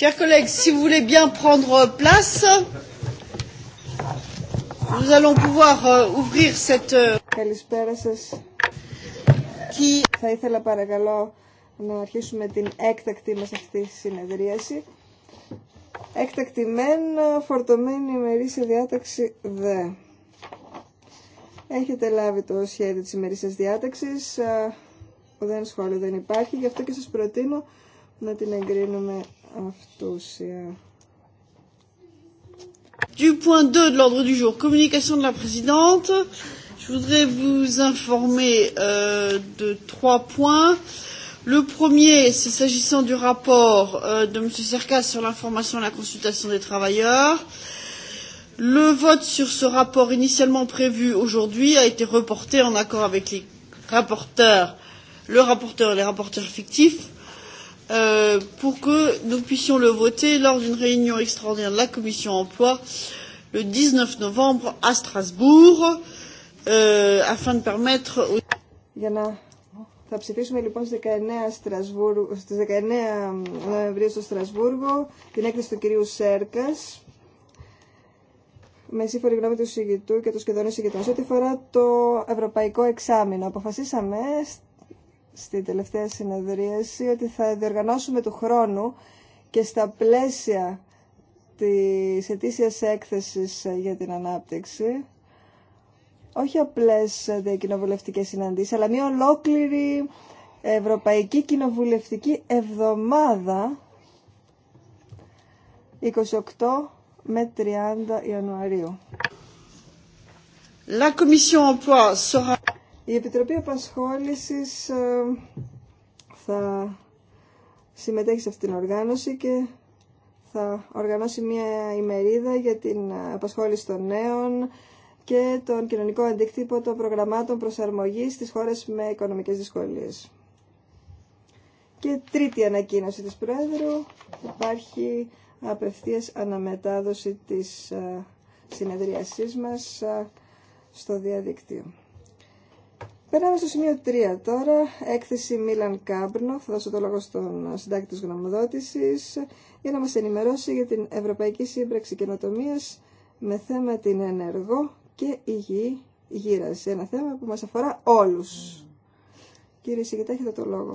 Chers collègues, si vous voulez bien prendre place, nous allons pouvoir euh, ouvrir cette. Euh, Καλησπέρα σα. Qui... Θα ήθελα παρακαλώ να αρχίσουμε την έκτακτη μα αυτή συνεδρίαση. Έκτακτη μεν, φορτωμένη ημερήσια διάταξη δε. Έχετε λάβει το σχέδιο τη ημερήσια διάταξης. Ουδέν σχόλιο δεν υπάρχει, γι' αυτό και σας προτείνω να την εγκρίνουμε Du point 2 de l'ordre du jour, communication de la présidente. Je voudrais vous informer euh, de trois points. Le premier, c'est s'agissant du rapport euh, de M. Cercas sur l'information et la consultation des travailleurs. Le vote sur ce rapport initialement prévu aujourd'hui a été reporté en accord avec les rapporteurs, le rapporteur et les rapporteurs fictifs Euh, pour que nous puissions le voter lors d'une réunion extraordinaire de la commission emploi le 19 novembre à Strasbourg euh, afin de permettre θα ψηφίσουμε λοιπόν στις 19, Στρασβούργο, στις 19 ε, Νοεμβρίου στο Στρασβούργο την έκθεση του κυρίου Σέρκας με σύμφωνη γνώμη του συγητού και του σχεδόν εισηγητών. Σε ό,τι αφορά το ευρωπαϊκό εξάμεινο, αποφασίσαμε στη τελευταία συνεδρίαση ότι θα διοργανώσουμε του χρόνου και στα πλαίσια της ετήσιας έκθεσης για την ανάπτυξη όχι απλές διακοινοβουλευτικές συναντήσεις, αλλά μια ολόκληρη Ευρωπαϊκή Κοινοβουλευτική Εβδομάδα 28 με 30 Ιανουαρίου. La Commission Emploi sera... Η Επιτροπή Απασχόλησης ε, θα συμμετέχει σε αυτήν την οργάνωση και θα οργανώσει μια ημερίδα για την απασχόληση των νέων και τον κοινωνικό αντίκτυπο των προγραμμάτων προσαρμογής στις χώρες με οικονομικές δυσκολίες. Και τρίτη ανακοίνωση της Πρόεδρου, υπάρχει απευθείας αναμετάδοση της ε, συνεδρίασής μας ε, στο διαδικτύο. Περνάμε στο σημείο 3 τώρα, έκθεση Μίλαν Κάμπρνο, θα δώσω το λόγο στον συντάκτη της γνωμοδότησης για να μας ενημερώσει για την Ευρωπαϊκή Σύμπραξη καινοτομία με θέμα την ενεργό και υγιή γύραση. Ένα θέμα που μας αφορά όλους. Κύριε Σιγητά, έχετε το λόγο.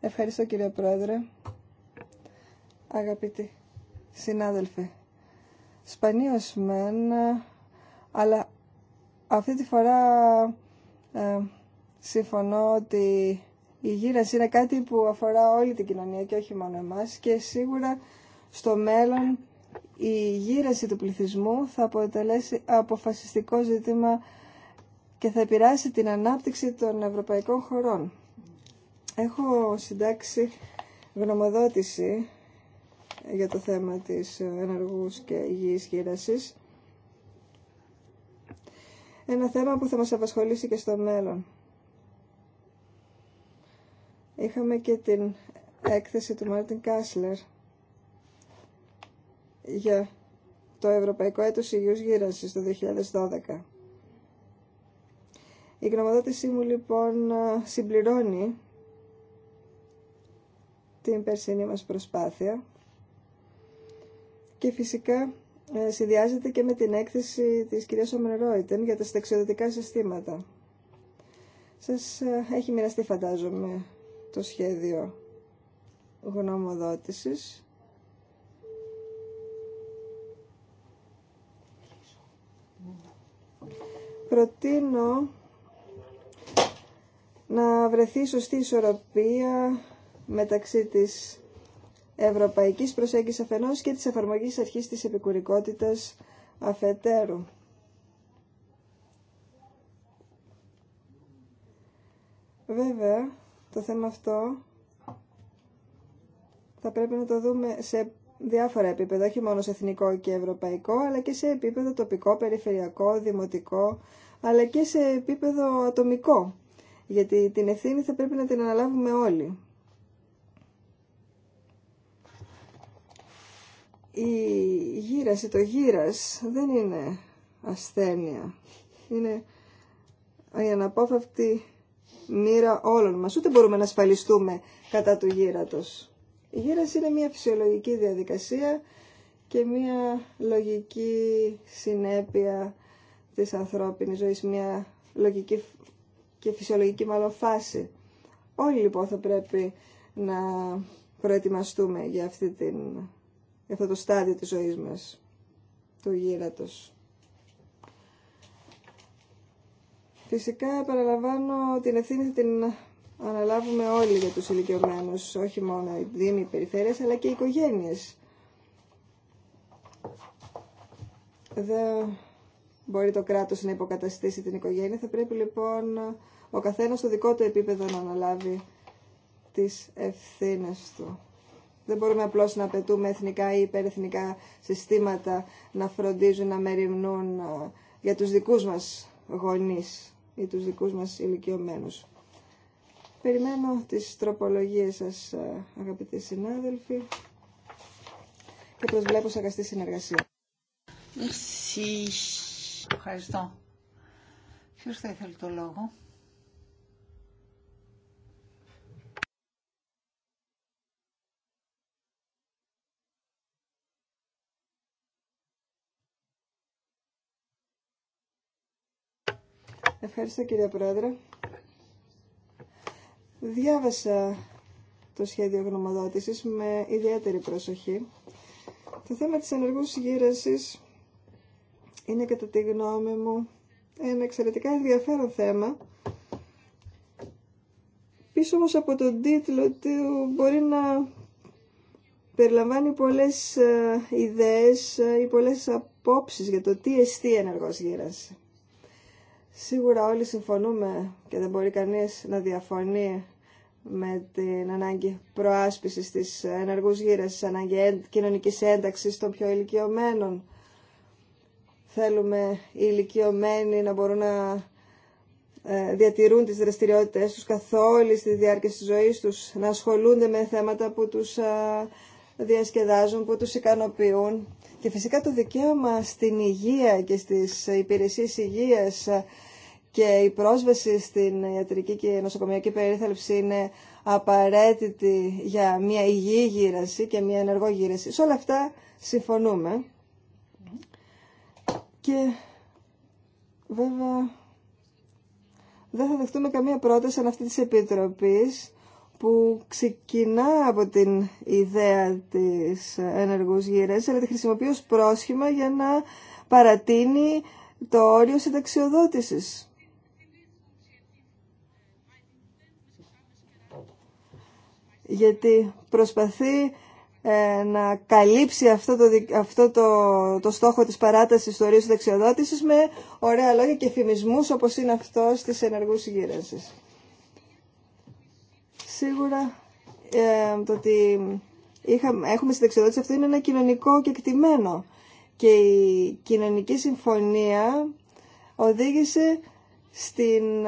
Ευχαριστώ κύριε Πρόεδρε. Αγαπητοί συνάδελφοι, σπανίως μεν, αλλά αυτή τη φορά ε, συμφωνώ ότι η γύραση είναι κάτι που αφορά όλη την κοινωνία και όχι μόνο εμάς και σίγουρα στο μέλλον η γύραση του πληθυσμού θα αποτελέσει αποφασιστικό ζήτημα και θα επηρεάσει την ανάπτυξη των ευρωπαϊκών χωρών. Έχω συντάξει γνωμοδότηση για το θέμα της ενεργούς και υγιής γύρασης. Ένα θέμα που θα μας απασχολήσει και στο μέλλον. Είχαμε και την έκθεση του Μάρτιν Κάσλερ για το Ευρωπαϊκό Έτος Υγιούς Γύρασης το 2012. Η γνωμοδότησή μου λοιπόν συμπληρώνει την περσινή μας προσπάθεια και φυσικά ε, συνδυάζεται και με την έκθεση της κυρίας Ομερόιτεν για τα συνταξιοδοτικά συστήματα. Σας ε, έχει μοιραστεί φαντάζομαι το σχέδιο γνωμοδότησης. Προτείνω να βρεθεί σωστή ισορροπία μεταξύ της ευρωπαϊκής προσέγγισης αφενός και της εφαρμογής αρχής της επικουρικότητας αφετέρου. Βέβαια, το θέμα αυτό θα πρέπει να το δούμε σε διάφορα επίπεδα, όχι μόνο σε εθνικό και ευρωπαϊκό, αλλά και σε επίπεδο τοπικό, περιφερειακό, δημοτικό, αλλά και σε επίπεδο ατομικό. Γιατί την ευθύνη θα πρέπει να την αναλάβουμε όλοι. η γύραση, το γύρας δεν είναι ασθένεια. Είναι η αναπόφευκτη μοίρα όλων μας. Ούτε μπορούμε να ασφαλιστούμε κατά του γύρατος. Η γύραση είναι μια φυσιολογική διαδικασία και μια λογική συνέπεια της ανθρώπινης ζωής, μια λογική και φυσιολογική μάλλον φάση. Όλοι λοιπόν θα πρέπει να προετοιμαστούμε για αυτή την αυτό το στάδιο της ζωής μας, του γύρατος. Φυσικά παραλαμβάνω την ευθύνη την αναλάβουμε όλοι για τους ηλικιωμένου, όχι μόνο οι δήμοι, οι περιφέρειες, αλλά και οι οικογένειες. Δεν μπορεί το κράτος να υποκαταστήσει την οικογένεια, θα πρέπει λοιπόν ο καθένας στο δικό του επίπεδο να αναλάβει τις ευθύνες του. Δεν μπορούμε απλώ να απαιτούμε εθνικά ή υπερεθνικά συστήματα να φροντίζουν, να μεριμνούν ε, για τους δικούς μας γονείς ή τους δικούς μας ηλικιωμένους. Περιμένω τις τροπολογίες σας ε, αγαπητοί συνάδελφοι και προσβλέπω σε αγαστή συνεργασία. Ευχαριστώ. Ποιος θα ήθελε το λόγο. Ευχαριστώ κύριε Πρόεδρε. Διάβασα το σχέδιο γνωμοδότησης με ιδιαίτερη προσοχή. Το θέμα της ενεργούς γύρασης είναι κατά τη γνώμη μου ένα εξαιρετικά ενδιαφέρον θέμα. Πίσω όμως από τον τίτλο του μπορεί να περιλαμβάνει πολλές ε, ιδέες ε, ή πολλές απόψεις για το τι εστί ενεργός γύραση. Σίγουρα όλοι συμφωνούμε και δεν μπορεί κανείς να διαφωνεί με την ανάγκη προάσπισης της ενεργούς της ανάγκη κοινωνικής ένταξης των πιο ηλικιωμένων. Θέλουμε οι ηλικιωμένοι να μπορούν να ε, διατηρούν τις δραστηριότητες τους καθ' όλη τη διάρκεια της ζωής τους, να ασχολούνται με θέματα που τους ε, διασκεδάζουν, που τους ικανοποιούν. Και φυσικά το δικαίωμα στην υγεία και στις υπηρεσίες υγείας και η πρόσβαση στην ιατρική και νοσοκομειακή περίθαλψη είναι απαραίτητη για μια υγιή γύραση και μια ενεργό γύραση. Σε όλα αυτά συμφωνούμε. Και βέβαια δεν θα δεχτούμε καμία πρόταση αν αυτή της Επιτροπής που ξεκινά από την ιδέα της ενεργούς γύρες, αλλά τη χρησιμοποιεί ως πρόσχημα για να παρατείνει το όριο συνταξιοδότησης. Γιατί προσπαθεί ε, να καλύψει αυτό, το, αυτό το, το στόχο της παράτασης του ορίου συνταξιοδότησης με ωραία λόγια και φημισμούς, όπως είναι αυτός της ενεργούς γύρανσης. Σίγουρα ε, το ότι είχα, έχουμε συνταξιοδότηση αυτό είναι ένα κοινωνικό κεκτημένο και η κοινωνική συμφωνία οδήγησε στην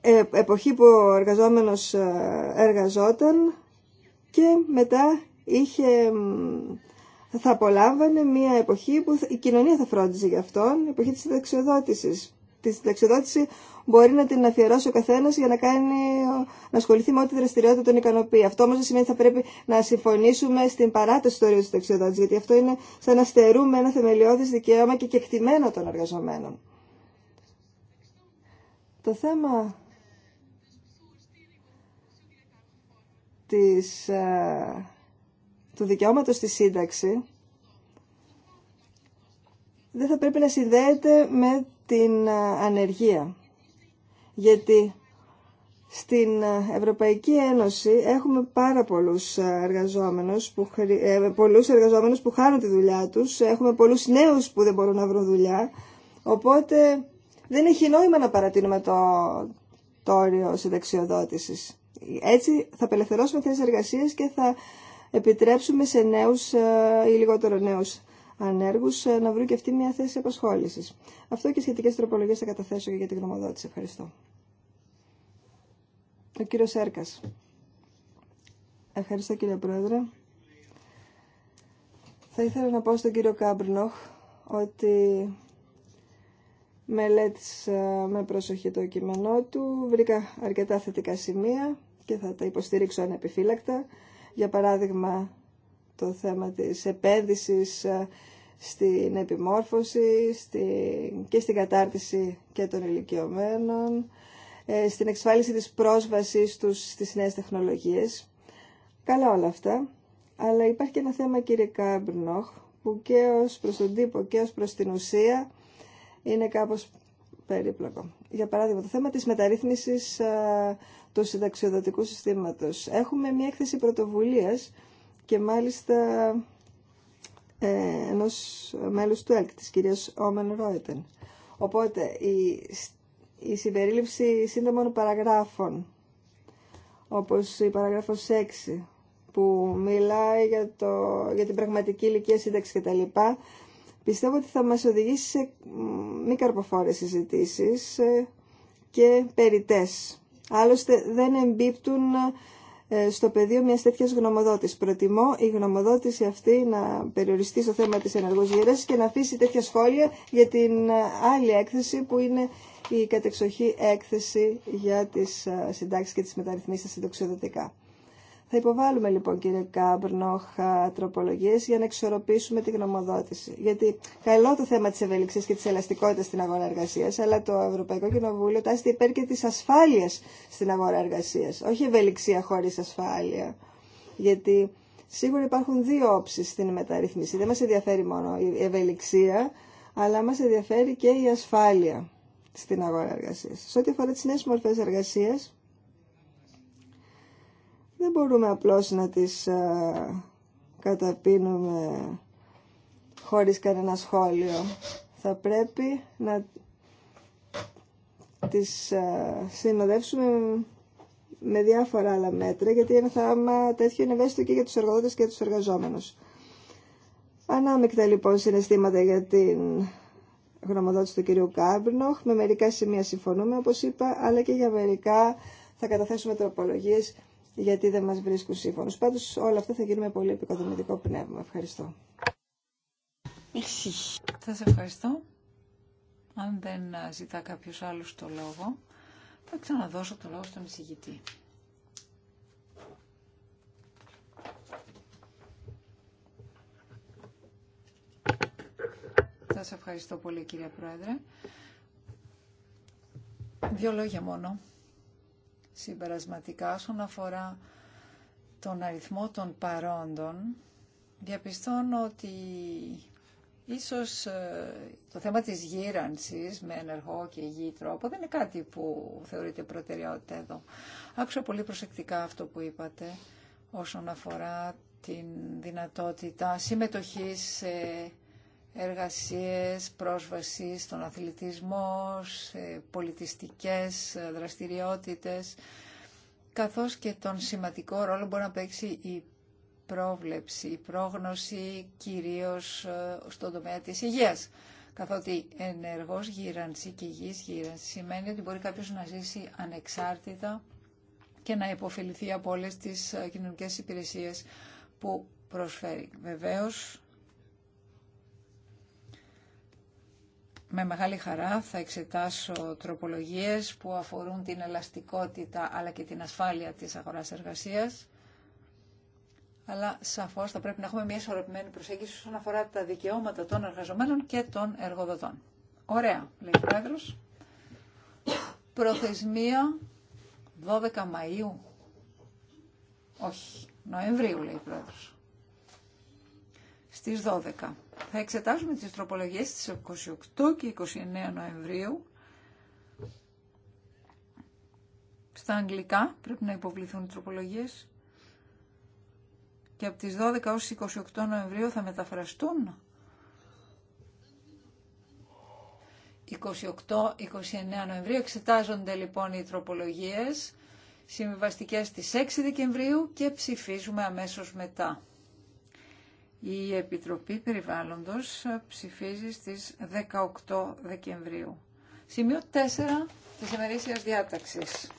ε, εποχή που ο εργαζόμενος ε, εργαζόταν και μετά είχε, θα απολάμβανε μια εποχή που η κοινωνία θα φρόντιζε για αυτόν, η εποχή της συνταξιοδότησης τη συνταξιοδότηση μπορεί να την αφιερώσει ο καθένα για να, κάνει, να ασχοληθεί με ό,τι δραστηριότητα τον ικανοποιεί. Αυτό όμω δεν σημαίνει ότι θα πρέπει να συμφωνήσουμε στην παράταση του ορίου τη γιατί αυτό είναι σαν να στερούμε ένα θεμελιώδη δικαίωμα και κεκτημένο των εργαζομένων. Το θέμα της, ε, του δικαιώματος στη σύνταξη δεν θα πρέπει να συνδέεται με την ε, ανεργία. Γιατί στην ε, Ευρωπαϊκή Ένωση έχουμε πάρα πολλούς ε, εργαζόμενους που, πολλούς εργαζόμενους που χάνουν τη δουλειά τους, έχουμε πολλούς νέους που δεν μπορούν να βρουν δουλειά, οπότε δεν έχει νόημα να παρατείνουμε το, το όριο συνταξιοδότησης. Έτσι θα απελευθερώσουμε θέσεις εργασίας και θα επιτρέψουμε σε νέους ή λιγότερο νέους ανέργους ε, να βρουν και αυτή μια θέση απασχόληση. Αυτό και σχετικέ τροπολογίες θα καταθέσω και για την γνωμοδότηση. Ευχαριστώ. Ο κύριο Έρκας. Ευχαριστώ κύριε Πρόεδρε. Θα ήθελα να πω στον κύριο Κάμπρνοχ ότι μελέτησα με προσοχή το κείμενό του, βρήκα αρκετά θετικά σημεία και θα τα υποστηρίξω ανεπιφύλακτα. Για παράδειγμα, το θέμα της επένδυσης ε, στην επιμόρφωση στην... και στην κατάρτιση και των ηλικιωμένων, ε, στην εξφάλιση της πρόσβασης τους στις νέες τεχνολογίες. Καλά όλα αυτά, αλλά υπάρχει και ένα θέμα κύριε Κάμπρνοχ, που και ως προς τον τύπο και ως προς την ουσία είναι κάπως περίπλοκο. Για παράδειγμα, το θέμα της μεταρρύθμισης ε, του συνταξιοδοτικού συστήματος. Έχουμε μια έκθεση πρωτοβουλίας και μάλιστα ε, ενός μέλους του ΕΛΚ, της κυρίας Όμεν Ρόιτεν. Οπότε η, η συμπερίληψη σύντομων παραγράφων, όπως η παραγράφος 6, που μιλάει για, το, για την πραγματική ηλικία σύνταξη κτλ. Πιστεύω ότι θα μας οδηγήσει σε μη καρποφόρες συζητήσεις ε, και περιτές. Άλλωστε δεν εμπίπτουν ε, στο πεδίο μια τέτοια γνωμοδότηση Προτιμώ η γνωμοδότηση αυτή να περιοριστεί στο θέμα της ενεργούς και να αφήσει τέτοια σχόλια για την ε, άλλη έκθεση που είναι η κατεξοχή έκθεση για τις ε, συντάξεις και τις μεταρρυθμίσεις συντοξιοδοτικά. Θα υποβάλουμε λοιπόν κύριε Κάμπρνοχα τροπολογίες για να εξορροπήσουμε τη γνωμοδότηση. Γιατί καλό το θέμα τη ευελιξία και τη ελαστικότητα στην αγορά εργασία, αλλά το Ευρωπαϊκό Κοινοβούλιο τάσσεται υπέρ και τη ασφάλεια στην αγορά εργασία, Όχι ευελιξία χωρί ασφάλεια. Γιατί σίγουρα υπάρχουν δύο όψει στην μεταρρυθμίση. Δεν μα ενδιαφέρει μόνο η ευελιξία, αλλά μα ενδιαφέρει και η ασφάλεια στην αγορά εργασία. Σε ό,τι αφορά τι νέε μορφέ εργασία δεν μπορούμε απλώς να τις ε, καταπίνουμε χωρίς κανένα σχόλιο. Θα πρέπει να τις ε, συνοδεύσουμε με διάφορα άλλα μέτρα, γιατί ένα θέμα τέτοιο είναι ευαίσθητο και για τους εργοδότες και για τους εργαζόμενους. Ανάμεικτα λοιπόν συναισθήματα για την γνωμοδότηση του κυρίου Κάμπνοχ. Με μερικά σημεία συμφωνούμε, όπως είπα, αλλά και για μερικά θα καταθέσουμε τροπολογίες γιατί δεν μας βρίσκουν σύμφωνος. Πάντως όλα αυτά θα γίνουμε πολύ επικοδομητικό πνεύμα. Ευχαριστώ. Εσύ. Θα σε ευχαριστώ. Αν δεν ζητά κάποιος άλλος το λόγο, θα ξαναδώσω το λόγο στον εισηγητή. Θα σε ευχαριστώ πολύ κυρία Πρόεδρε. Δύο λόγια μόνο. Συμπερασματικά, όσον αφορά τον αριθμό των παρόντων, διαπιστώνω ότι ίσως ε, το θέμα της γύρανσης με ενεργό και υγιή τρόπο δεν είναι κάτι που θεωρείται προτεραιότητα εδώ. Άκουσα πολύ προσεκτικά αυτό που είπατε όσον αφορά την δυνατότητα συμμετοχής σε εργασίες, πρόσβαση στον αθλητισμό, σε πολιτιστικές δραστηριότητες, καθώς και τον σημαντικό ρόλο μπορεί να παίξει η πρόβλεψη, η πρόγνωση κυρίως ε, στον τομέα της υγείας. Καθότι ενεργός γύρανση και υγιής γύρανση σημαίνει ότι μπορεί κάποιος να ζήσει ανεξάρτητα και να υποφεληθεί από όλες τις ε, κοινωνικές υπηρεσίες που προσφέρει. Βεβαίως, Με μεγάλη χαρά θα εξετάσω τροπολογίες που αφορούν την ελαστικότητα αλλά και την ασφάλεια της αγοράς εργασίας. Αλλά σαφώς θα πρέπει να έχουμε μια ισορροπημένη προσέγγιση όσον αφορά τα δικαιώματα των εργαζομένων και των εργοδοτών. Ωραία, λέει ο Πρόεδρος. Προθεσμία 12 Μαΐου. Όχι, Νοεμβρίου λέει ο Πρόεδρος στις 12. Θα εξετάσουμε τις τροπολογίες στις 28 και 29 Νοεμβρίου. Στα αγγλικά πρέπει να υποβληθούν οι τροπολογίες. Και από τις 12 ως 28 Νοεμβρίου θα μεταφραστούν. 28-29 Νοεμβρίου εξετάζονται λοιπόν οι τροπολογίες συμβιβαστικές στις 6 Δεκεμβρίου και ψηφίζουμε αμέσως μετά. Η Επιτροπή Περιβάλλοντος ψηφίζει στις 18 Δεκεμβρίου. Σημείο 4 της ημερήσιας διάταξης.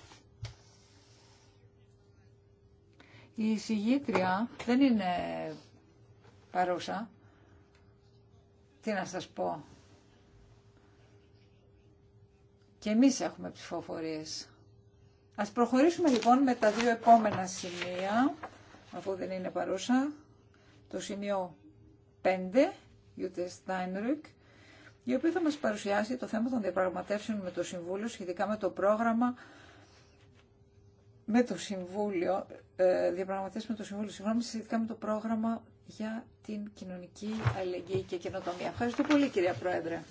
Η συγγήτρια δεν είναι παρούσα. Τι να σας πω. Και εμείς έχουμε ψηφοφορίες. Ας προχωρήσουμε λοιπόν με τα δύο επόμενα σημεία, αφού δεν είναι παρούσα το σημείο 5, Γιούτε Steinrück, η οποία θα μας παρουσιάσει το θέμα των διαπραγματεύσεων με το Συμβούλιο σχετικά με το πρόγραμμα με το Συμβούλιο, ε, με το Συμβούλιο, συγγνώμη, σχετικά με το πρόγραμμα για την κοινωνική αλληλεγγύη και καινοτομία. Ευχαριστώ πολύ, κυρία Πρόεδρε.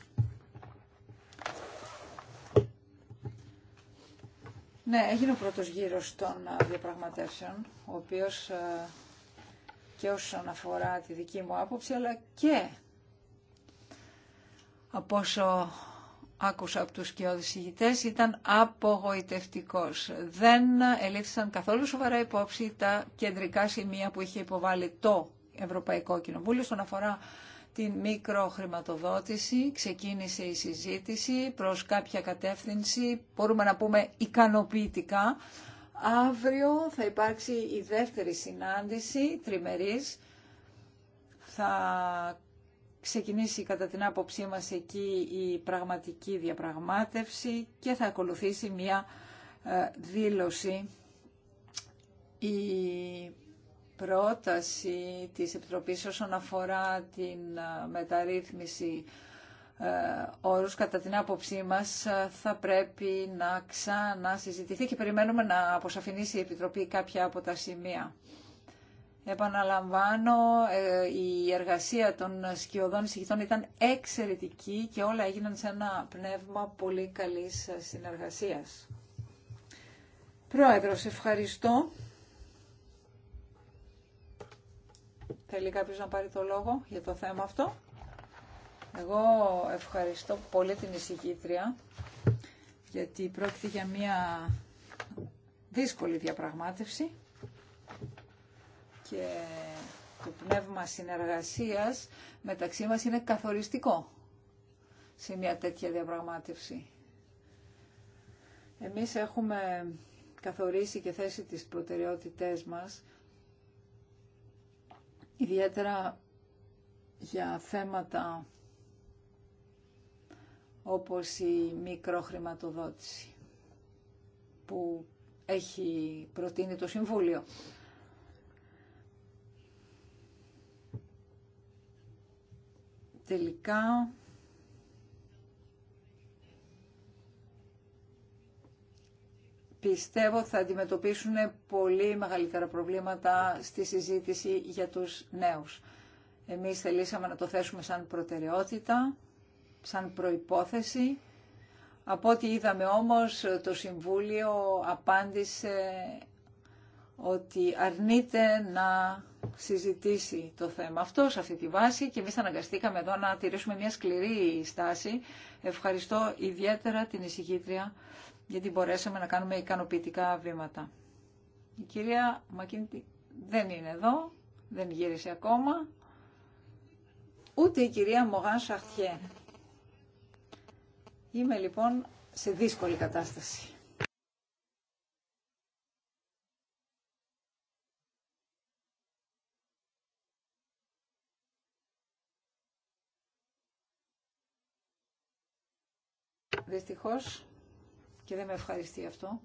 Ναι, έγινε ο πρώτος γύρος των ε, διαπραγματεύσεων, ο οποίος ε, και όσον αφορά τη δική μου άποψη, αλλά και από όσο άκουσα από τους και ηγητές, ήταν απογοητευτικός. Δεν ελήφθησαν καθόλου σοβαρά υπόψη τα κεντρικά σημεία που είχε υποβάλει το Ευρωπαϊκό Κοινοβούλιο στον αφορά την μικροχρηματοδότηση, ξεκίνησε η συζήτηση προς κάποια κατεύθυνση, μπορούμε να πούμε ικανοποιητικά, Αύριο θα υπάρξει η δεύτερη συνάντηση, τριμερής. Θα ξεκινήσει κατά την άποψή μας εκεί η πραγματική διαπραγμάτευση και θα ακολουθήσει μια ε, δήλωση. Η πρόταση της Επιτροπής όσον αφορά την ε, μεταρρύθμιση ε, όρους κατά την άποψή μας ε, θα πρέπει να ξανασυζητηθεί και περιμένουμε να αποσαφηνίσει η Επιτροπή κάποια από τα σημεία. Επαναλαμβάνω, ε, η εργασία των σκιωδών εισηγητών ήταν εξαιρετική και όλα έγιναν σε ένα πνεύμα πολύ καλής συνεργασίας. Πρόεδρος, ευχαριστώ. Θέλει κάποιος να πάρει το λόγο για το θέμα αυτό. Εγώ ευχαριστώ πολύ την εισηγήτρια γιατί πρόκειται για μια δύσκολη διαπραγμάτευση και το πνεύμα συνεργασίας μεταξύ μας είναι καθοριστικό σε μια τέτοια διαπραγμάτευση. Εμείς έχουμε καθορίσει και θέσει τις προτεραιότητές μας, ιδιαίτερα για θέματα όπως η μικροχρηματοδότηση που έχει προτείνει το Συμβούλιο. Τελικά, πιστεύω θα αντιμετωπίσουν πολύ μεγαλύτερα προβλήματα στη συζήτηση για τους νέους. Εμείς θελήσαμε να το θέσουμε σαν προτεραιότητα σαν προϋπόθεση. Από ό,τι είδαμε όμως το Συμβούλιο απάντησε ότι αρνείται να συζητήσει το θέμα αυτό σε αυτή τη βάση και εμείς αναγκαστήκαμε εδώ να τηρήσουμε μια σκληρή στάση. Ευχαριστώ ιδιαίτερα την εισηγήτρια γιατί μπορέσαμε να κάνουμε ικανοποιητικά βήματα. Η κυρία Μακίνητη δεν είναι εδώ, δεν γύρισε ακόμα, ούτε η κυρία Μογάν Σαχτιέ. Είμαι λοιπόν σε δύσκολη κατάσταση. Δυστυχώς, και δεν με ευχαριστεί αυτό,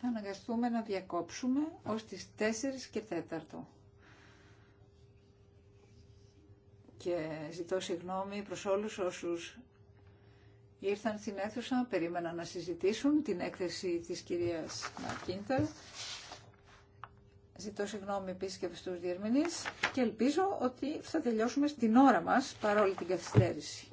θα αναγκαστούμε να διακόψουμε ως τις 4 και 4. Και ζητώ συγγνώμη προς όλους όσους ήρθαν στην αίθουσα, περίμεναν να συζητήσουν την έκθεση της κυρίας Μαρκίντερ. Ζητώ συγγνώμη επίση και τους διερμηνείς και ελπίζω ότι θα τελειώσουμε στην ώρα μας παρόλη την καθυστέρηση.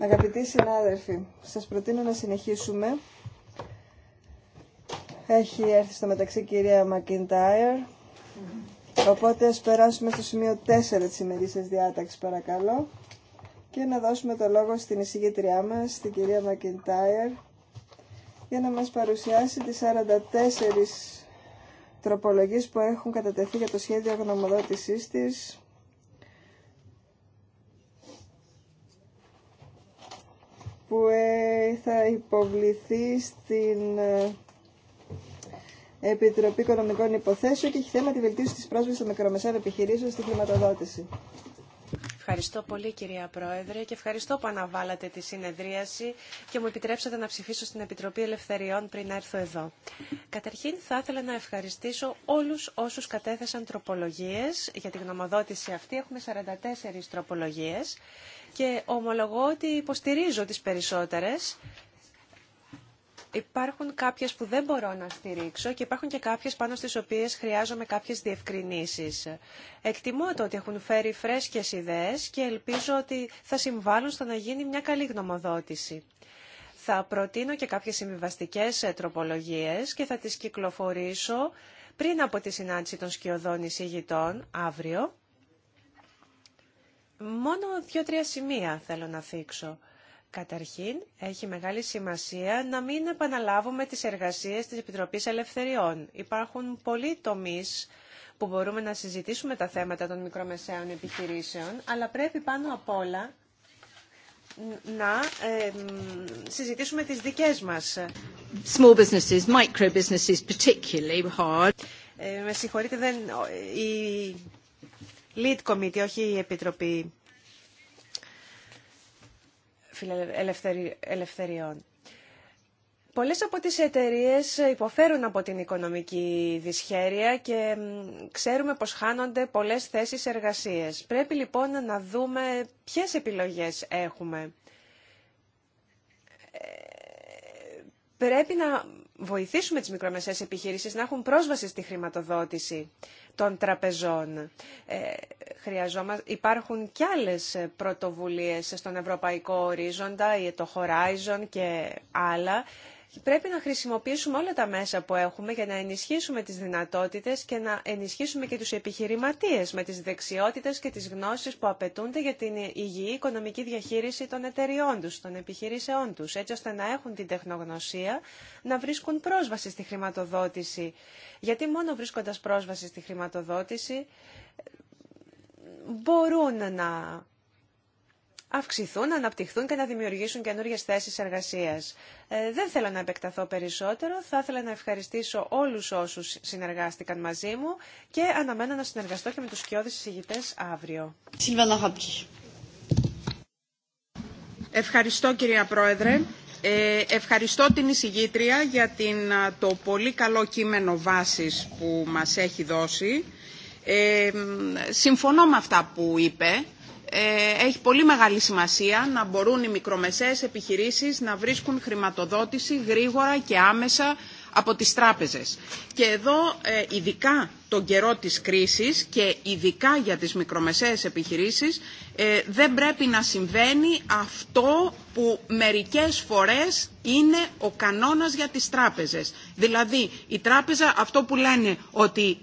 Αγαπητοί συνάδελφοι, σας προτείνω να συνεχίσουμε. Έχει έρθει στο μεταξύ κυρία Μακιντάιρ. Οπότε ας περάσουμε στο σημείο 4 της ημερήσιας διάταξης παρακαλώ και να δώσουμε το λόγο στην εισηγήτριά μας, την κυρία Μακιντάιρ, για να μας παρουσιάσει τις 44 τροπολογίες που έχουν κατατεθεί για το σχέδιο γνωμοδότησής της που ε, θα υποβληθεί στην ε, Επιτροπή Οικονομικών Υποθέσεων και έχει θέμα τη βελτίωση τη πρόσβασης των μικρομεσαίων επιχειρήσεων στη χρηματοδότηση. Ευχαριστώ πολύ κυρία Πρόεδρε και ευχαριστώ που αναβάλατε τη συνεδρίαση και μου επιτρέψατε να ψηφίσω στην Επιτροπή Ελευθεριών πριν έρθω εδώ. Καταρχήν θα ήθελα να ευχαριστήσω όλους όσους κατέθεσαν τροπολογίες για την γνωμοδότηση αυτή. Έχουμε 44 τροπολογίες και ομολογώ ότι υποστηρίζω τις περισσότερες. Υπάρχουν κάποιες που δεν μπορώ να στηρίξω και υπάρχουν και κάποιες πάνω στις οποίες χρειάζομαι κάποιες διευκρινήσεις. Εκτιμώ το ότι έχουν φέρει φρέσκες ιδέες και ελπίζω ότι θα συμβάλλουν στο να γίνει μια καλή γνωμοδότηση. Θα προτείνω και κάποιες συμβιβαστικέ ε, τροπολογίες και θα τις κυκλοφορήσω πριν από τη συνάντηση των σκιωδών εισηγητών αύριο Μόνο δύο-τρία σημεία θέλω να θίξω. Καταρχήν, έχει μεγάλη σημασία να μην επαναλάβουμε τις εργασίες της Επιτροπής Ελευθεριών. Υπάρχουν πολλοί τομείς που μπορούμε να συζητήσουμε τα θέματα των μικρομεσαίων επιχειρήσεων, αλλά πρέπει πάνω απ' όλα να συζητήσουμε τις δικές μας. Small businesses, micro businesses particularly hard. Ε, με συγχωρείτε, δεν, Lead Committee, όχι η Επιτροπή Ελευθεριών. Πολλές από τις εταιρείες υποφέρουν από την οικονομική δυσχέρεια και ξέρουμε πως χάνονται πολλές θέσεις εργασίες. Πρέπει λοιπόν να δούμε ποιες επιλογές έχουμε. Ε, πρέπει να βοηθήσουμε τις μικρομεσαίες επιχειρήσεις να έχουν πρόσβαση στη χρηματοδότηση των τραπεζών. Ε, χρειαζόμαστε, υπάρχουν και άλλες πρωτοβουλίες στον Ευρωπαϊκό Ορίζοντα, το Horizon και άλλα, πρέπει να χρησιμοποιήσουμε όλα τα μέσα που έχουμε για να ενισχύσουμε τις δυνατότητες και να ενισχύσουμε και τους επιχειρηματίες με τις δεξιότητες και τις γνώσεις που απαιτούνται για την υγιή οικονομική διαχείριση των εταιριών τους, των επιχειρήσεών τους, έτσι ώστε να έχουν την τεχνογνωσία να βρίσκουν πρόσβαση στη χρηματοδότηση. Γιατί μόνο βρίσκοντας πρόσβαση στη χρηματοδότηση μπορούν να αυξηθούν, να αναπτυχθούν και να δημιουργήσουν καινούριε θέσεις εργασίας. Ε, δεν θέλω να επεκταθώ περισσότερο. Θα ήθελα να ευχαριστήσω όλους όσους συνεργάστηκαν μαζί μου και αναμένω να συνεργαστώ και με τους σκιώδεις συζητητές αύριο. Ευχαριστώ κυρία Πρόεδρε. Ε, ευχαριστώ την εισηγήτρια για την, το πολύ καλό κείμενο βάσης που μας έχει δώσει. Ε, συμφωνώ με αυτά που είπε ε, έχει πολύ μεγάλη σημασία να μπορούν οι μικρομεσαίες επιχειρήσεις να βρίσκουν χρηματοδότηση γρήγορα και άμεσα από τις τράπεζες. Και εδώ ε, ειδικά τον καιρό της κρίσης και ειδικά για τις μικρομεσαίες επιχειρήσεις ε, δεν πρέπει να συμβαίνει αυτό που μερικές φορές είναι ο κανόνας για τις τράπεζες. Δηλαδή η τράπεζα αυτό που λένε ότι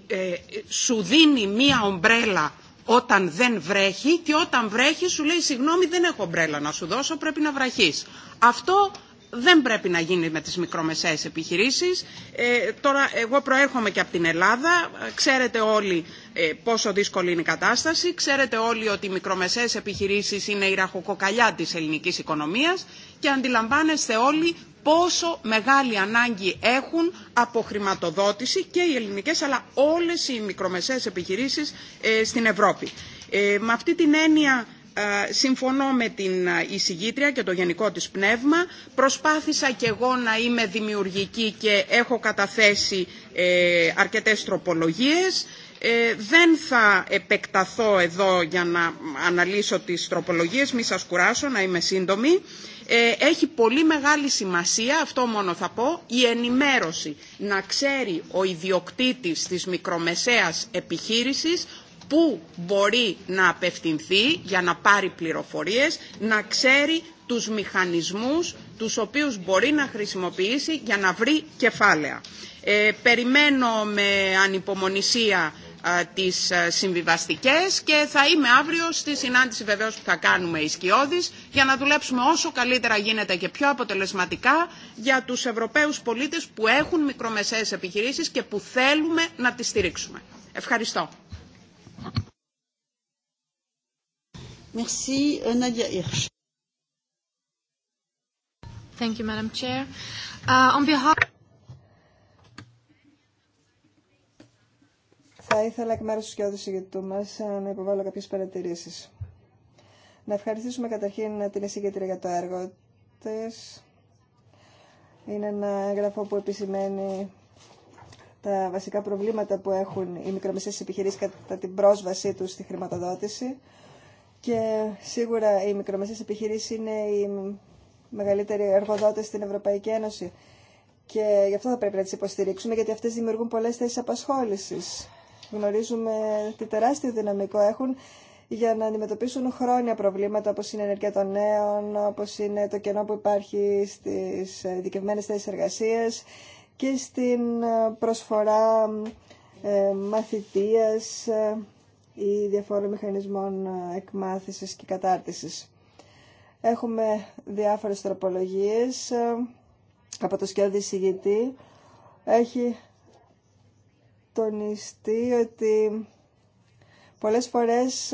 σου δίνει μία ομπρέλα όταν δεν βρέχει και όταν βρέχει σου λέει συγγνώμη δεν έχω μπρέλα να σου δώσω πρέπει να βραχείς. Αυτό δεν πρέπει να γίνει με τις μικρομεσαίες επιχειρήσεις. Ε, τώρα εγώ προέρχομαι και από την Ελλάδα. Ξέρετε όλοι ε, πόσο δύσκολη είναι η κατάσταση. Ξέρετε όλοι ότι οι μικρομεσαίες επιχειρήσεις είναι η ραχοκοκαλιά της ελληνικής οικονομίας και αντιλαμβάνεστε όλοι πόσο μεγάλη ανάγκη έχουν από χρηματοδότηση και οι ελληνικές αλλά όλες οι μικρομεσαίες επιχειρήσεις ε, στην Ευρώπη. Ε, με αυτή την έννοια ε, συμφωνώ με την εισηγήτρια και το γενικό της πνεύμα. Προσπάθησα και εγώ να είμαι δημιουργική και έχω καταθέσει αρκετές τροπολογίες. δεν θα επεκταθώ εδώ για να αναλύσω τις τροπολογίες, μη σας κουράσω, να είμαι σύντομη. Ε, έχει πολύ μεγάλη σημασία, αυτό μόνο θα πω, η ενημέρωση. Να ξέρει ο ιδιοκτήτης της μικρομεσαίας επιχείρησης πού μπορεί να απευθυνθεί για να πάρει πληροφορίες, να ξέρει τους μηχανισμούς τους οποίους μπορεί να χρησιμοποιήσει για να βρει κεφάλαια. Ε, περιμένω με ανυπομονησία τις συμβιβαστικές και θα είμαι αύριο στη συνάντηση βεβαίως που θα κάνουμε η για να δουλέψουμε όσο καλύτερα γίνεται και πιο αποτελεσματικά για τους Ευρωπαίους πολίτες που έχουν μικρομεσαίες επιχειρήσεις και που θέλουμε να τις στηρίξουμε. Ευχαριστώ. Merci, euh, Nadia Hirsch. Thank you, Madam Chair. Uh, on behalf Θα ήθελα εκ μέρου του σκιώδου συγκεκριτού μα ε, να υποβάλω κάποιε παρατηρήσει. Να ευχαριστήσουμε καταρχήν ε, την εισηγήτρια για το έργο τη. Είναι ένα έγγραφο που επισημαίνει τα βασικά προβλήματα που έχουν οι μικρομεσαίες επιχειρήσεις κατά την πρόσβασή τους στη χρηματοδότηση. Και σίγουρα οι μικρομεσαίες επιχειρήσεις είναι οι μεγαλύτεροι εργοδότες στην Ευρωπαϊκή Ένωση. Και γι' αυτό θα πρέπει να τις υποστηρίξουμε, γιατί αυτές δημιουργούν πολλές θέσεις απασχόλησης. Γνωρίζουμε τι τεράστιο δυναμικό έχουν για να αντιμετωπίσουν χρόνια προβλήματα όπως είναι η ενέργεια των νέων, όπως είναι το κενό που υπάρχει στις ειδικευμένες θέσεις εργασίας και στην προσφορά ε, μαθητείας ε, ή διαφόρων μηχανισμών ε, εκμάθησης και κατάρτισης. Έχουμε διάφορες τροπολογίες από το σκιώδη συγγητή. Έχει τονιστεί ότι πολλές φορές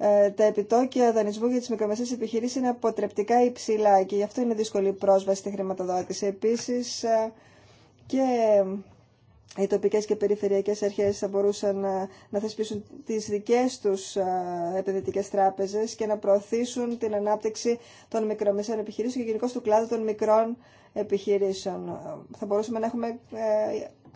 ε, τα επιτόκια δανεισμού για τις μικρομεσαίες επιχειρήσεις είναι αποτρεπτικά υψηλά και γι' αυτό είναι δύσκολη η πρόσβαση στη χρηματοδότηση. Επίσης ε, και οι τοπικές και περιφερειακές αρχές θα μπορούσαν να, ε, να θεσπίσουν τις δικές τους επενδυτικές τράπεζες και να προωθήσουν την ανάπτυξη των μικρομεσαίων επιχειρήσεων και γενικώ του κλάδου των μικρών επιχειρήσεων. Θα μπορούσαμε να έχουμε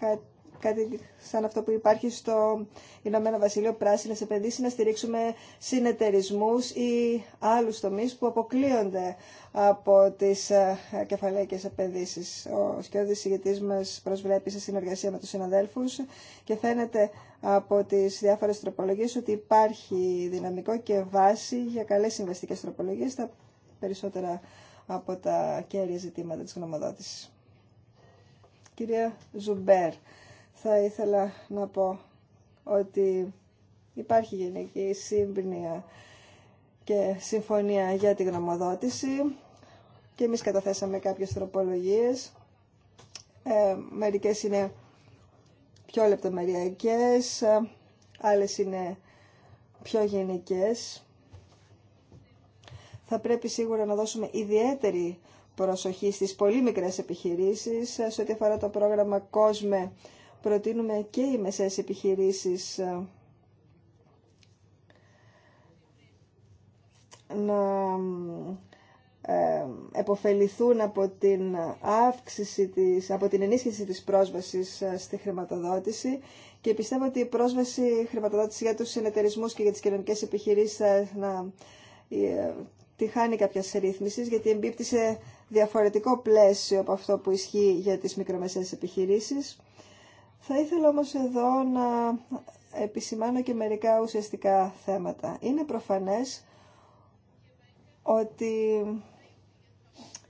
κάτι κάτι σαν αυτό που υπάρχει στο Ηνωμένο Βασίλειο πράσινες επενδύσεις, να στηρίξουμε συνεταιρισμούς ή άλλους τομείς που αποκλείονται από τις ε, κεφαλαίκες επενδύσεις. Ο σκιώδης ηγετής μας προσβλέπει σε συνεργασία με τους συναδέλφους και φαίνεται από τις διάφορες τροπολογίες ότι υπάρχει δυναμικό και βάση για καλές συμβαστικές τροπολογίες στα περισσότερα από τα κέρια ζητήματα της γνωμοδότησης κυρία Ζουμπέρ θα ήθελα να πω ότι υπάρχει γενική σύμπνοια και συμφωνία για τη γνωμοδότηση και εμείς καταθέσαμε κάποιες τροπολογίες. Ε, μερικές είναι πιο λεπτομεριακές, άλλες είναι πιο γενικές. Θα πρέπει σίγουρα να δώσουμε ιδιαίτερη προσοχή στις πολύ μικρές επιχειρήσεις ε, σε ό,τι αφορά το πρόγραμμα COSME προτείνουμε και οι μεσαίες επιχειρήσεις ε, να ε, εποφεληθούν από την αύξηση της, από την ενίσχυση της πρόσβασης ε, στη χρηματοδότηση και πιστεύω ότι η πρόσβαση χρηματοδότηση για τους συνεταιρισμούς και για τις κοινωνικές επιχειρήσεις θα να, τη χάνει κάποια ρύθμισης γιατί εμπίπτει σε διαφορετικό πλαίσιο από αυτό που ισχύει για τις μικρομεσαίες επιχειρήσεις θα ήθελα όμως εδώ να επισημάνω και μερικά ουσιαστικά θέματα. Είναι προφανές ότι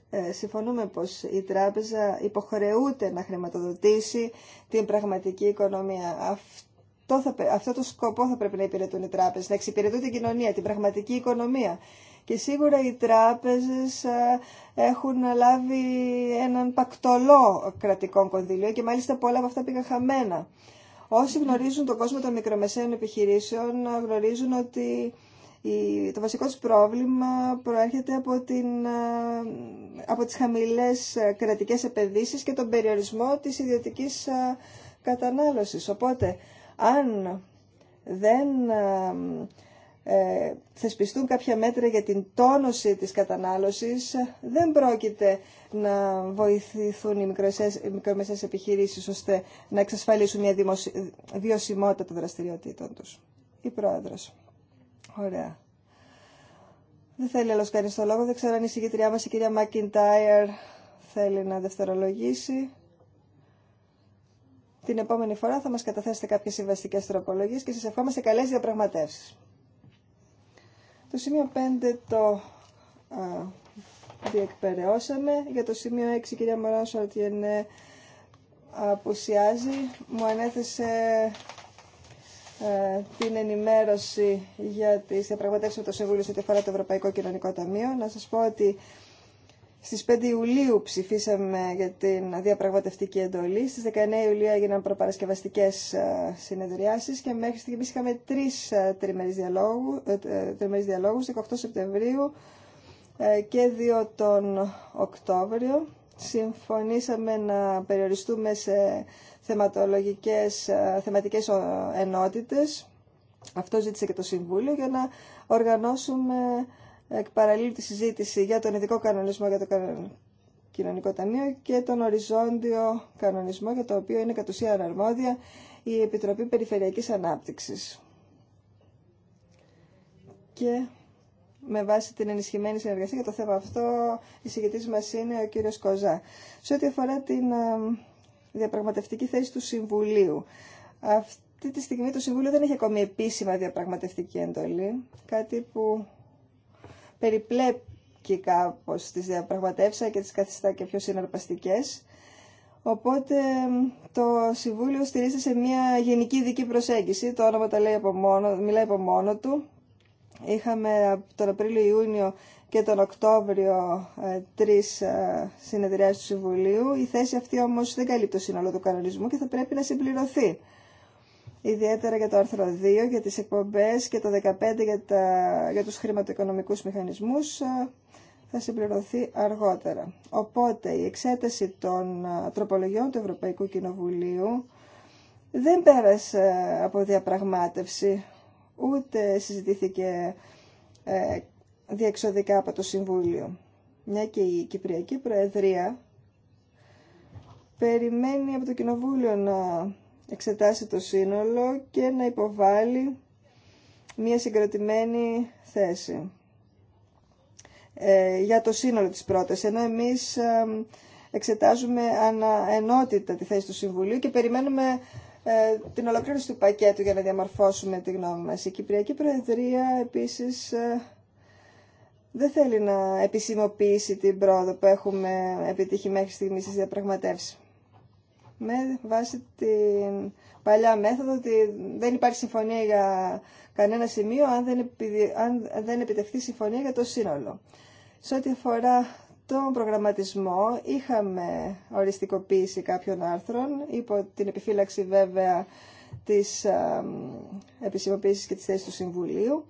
ε, συμφωνούμε πως η τράπεζα υποχρεούται να χρηματοδοτήσει την πραγματική οικονομία. Αυτό, αυτό το σκοπό θα πρέπει να υπηρετούν οι τράπεζες, να εξυπηρετούν την κοινωνία, την πραγματική οικονομία. Και σίγουρα οι τράπεζες ε, έχουν λάβει έναν πακτολό κρατικό κονδύλιο και μάλιστα πολλά από αυτά πήγαν χαμένα. Όσοι γνωρίζουν τον κόσμο των μικρομεσαίων επιχειρήσεων ε, γνωρίζουν ότι το βασικό τους πρόβλημα προέρχεται από, την, ε, από τις χαμηλές κρατικές επενδύσεις και τον περιορισμό της ιδιωτικής κατανάλωσης. Οπότε, αν δεν ε, θεσπιστούν κάποια μέτρα για την τόνωση της κατανάλωσης, δεν πρόκειται να βοηθηθούν οι, μικρομεσαίες, επιχειρήσεις ώστε να εξασφαλίσουν μια βιωσιμότητα των δραστηριοτήτων τους. Η Πρόεδρος. Ωραία. Δεν θέλει άλλο κανεί το λόγο. Δεν ξέρω αν η συγκεκριά μας η κυρία Μακιντάιρ θέλει να δευτερολογήσει. Την επόμενη φορά θα μας καταθέσετε κάποιες συμβαστικές τροπολογίες και σας ευχόμαστε καλές διαπραγματεύσεις. Το σημείο 5 το α, διεκπαιρεώσαμε. Για το σημείο 6 η κυρία Μωράν είναι απουσιάζει. Μου ανέθεσε ε, την ενημέρωση για τις διαπραγματεύσεις με το Συμβούλιο σε ό,τι αφορά το Ευρωπαϊκό Κοινωνικό Ταμείο. Να σας πω ότι στις 5 Ιουλίου ψηφίσαμε για την διαπραγματευτική εντολή. Στις 19 Ιουλίου έγιναν προπαρασκευαστικές ε, συνεδριάσεις και μέχρι στιγμής είχαμε τρεις ε, τριμερεί διαλόγου, 18 ε, Σεπτεμβρίου και 2 τον Οκτώβριο. Συμφωνήσαμε να περιοριστούμε σε θεματολογικές, θεματικές ενότητες. Αυτό ζήτησε και το Συμβούλιο για να οργανώσουμε εκ τη συζήτηση για τον ειδικό κανονισμό για το κοινωνικό ταμείο και τον οριζόντιο κανονισμό για το οποίο είναι κατ' ουσία αναρμόδια η Επιτροπή Περιφερειακής Ανάπτυξης. Και με βάση την ενισχυμένη συνεργασία για το θέμα αυτό, η συγκεκριτής μας είναι ο κύριος Κοζά. Σε ό,τι αφορά την ε, διαπραγματευτική θέση του Συμβουλίου, αυτή τη στιγμή το Συμβούλιο δεν έχει ακόμη επίσημα διαπραγματευτική εντολή, κάτι που περιπλέκει κάπως τις διαπραγματεύσεις και τις καθιστά και πιο συναρπαστικές. Οπότε το Συμβούλιο στηρίζεται σε μια γενική δική προσέγγιση. Το όνομα τα λέει από μόνο, μιλάει από μόνο του. Είχαμε τον Απρίλιο-Ιούνιο και τον Οκτώβριο τρει τρεις ε, συνεδριάσεις του Συμβουλίου. Η θέση αυτή όμω δεν καλύπτει το σύνολο του κανονισμού και θα πρέπει να συμπληρωθεί ιδιαίτερα για το άρθρο 2, για τις εκπομπές και το 15 για, τα, για τους χρηματοοικονομικούς μηχανισμούς ε, θα συμπληρωθεί αργότερα. Οπότε η εξέταση των ε, τροπολογιών του Ευρωπαϊκού Κοινοβουλίου δεν πέρασε από διαπραγμάτευση, ούτε συζητήθηκε ε, διεξοδικά από το Συμβούλιο. Μια και η Κυπριακή Προεδρία περιμένει από το Κοινοβούλιο να εξετάσει το σύνολο και να υποβάλει μία συγκροτημένη θέση ε, για το σύνολο της πρότασης. Ενώ εμείς ε, εξετάζουμε αναενότητα τη θέση του Συμβουλίου και περιμένουμε ε, την ολοκλήρωση του πακέτου για να διαμορφώσουμε τη γνώμη μας. Η Κυπριακή Προεδρία επίσης δεν θέλει να επισημοποιήσει την πρόοδο που έχουμε επιτύχει μέχρι στιγμή στις διαπραγματεύσεις με βάση την παλιά μέθοδο ότι δεν υπάρχει συμφωνία για κανένα σημείο αν δεν, αν επιτευχθεί συμφωνία για το σύνολο. Σε ό,τι αφορά τον προγραμματισμό είχαμε οριστικοποίηση κάποιων άρθρων υπό την επιφύλαξη βέβαια της ε, επισημοποίησης και της θέσης του Συμβουλίου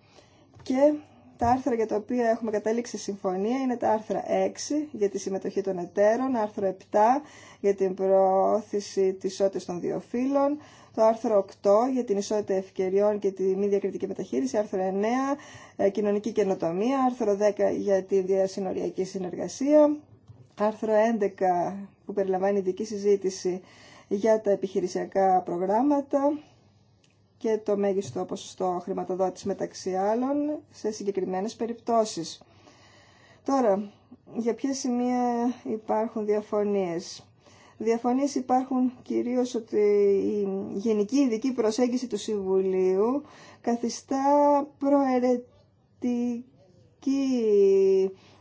και τα άρθρα για τα οποία έχουμε καταλήξει συμφωνία είναι τα άρθρα 6 για τη συμμετοχή των εταίρων, άρθρο 7 για την προώθηση της ισότητας των δύο φύλων, το άρθρο 8 για την ισότητα ευκαιριών και τη μη διακριτική μεταχείριση, άρθρο 9 ε, κοινωνική καινοτομία, άρθρο 10 για τη διασυνοριακή συνεργασία, άρθρο 11 που περιλαμβάνει ειδική συζήτηση για τα επιχειρησιακά προγράμματα, και το μέγιστο ποσοστό χρηματοδότηση μεταξύ άλλων σε συγκεκριμένες περιπτώσεις. Τώρα, για ποια σημεία υπάρχουν διαφωνίες. Διαφωνίες υπάρχουν κυρίως ότι η γενική ειδική προσέγγιση του Συμβουλίου καθιστά προαιρετική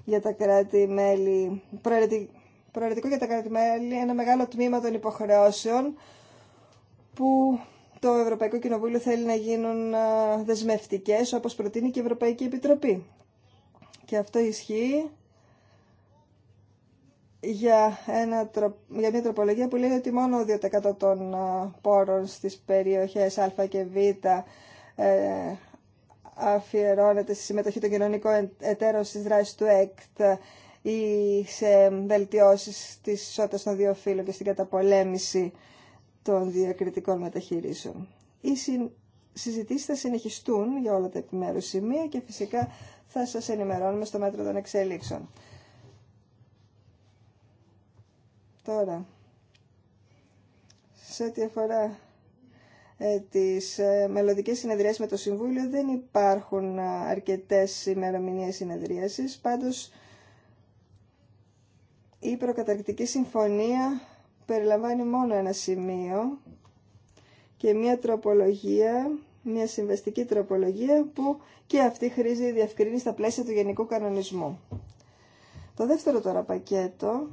για τα κράτη-μέλη, προαιρετικό για τα κράτη-μέλη ένα μεγάλο τμήμα των υποχρεώσεων που το Ευρωπαϊκό Κοινοβούλιο θέλει να γίνουν ε, δεσμευτικές, όπως προτείνει και η Ευρωπαϊκή Επιτροπή. Και αυτό ισχύει για, μια τροπολογία που λέει ότι μόνο 2% των ε, πόρων στις περιοχές Α και Β ε, αφιερώνεται στη συμμετοχή των κοινωνικών εταίρων στις δράσεις του ΕΚΤ ή σε βελτιώσεις της ισότητας των δύο φύλων και στην καταπολέμηση των διακριτικών μεταχειρήσεων. Οι συζητήσεις θα συνεχιστούν για όλα τα επιμέρους σημεία και φυσικά θα σας ενημερώνουμε στο μέτρο των εξέλιξεων. Τώρα, σε ό,τι αφορά ε, τις ε, με το Συμβούλιο, δεν υπάρχουν ε, αρκετές ημερομηνίες συνεδρίασης. Πάντως, η προκαταρκτική συμφωνία περιλαμβάνει μόνο ένα σημείο και μία τροπολογία, μία συμβαστική τροπολογία που και αυτή χρήζει διευκρινή στα πλαίσια του γενικού κανονισμού. Το δεύτερο τώρα πακέτο,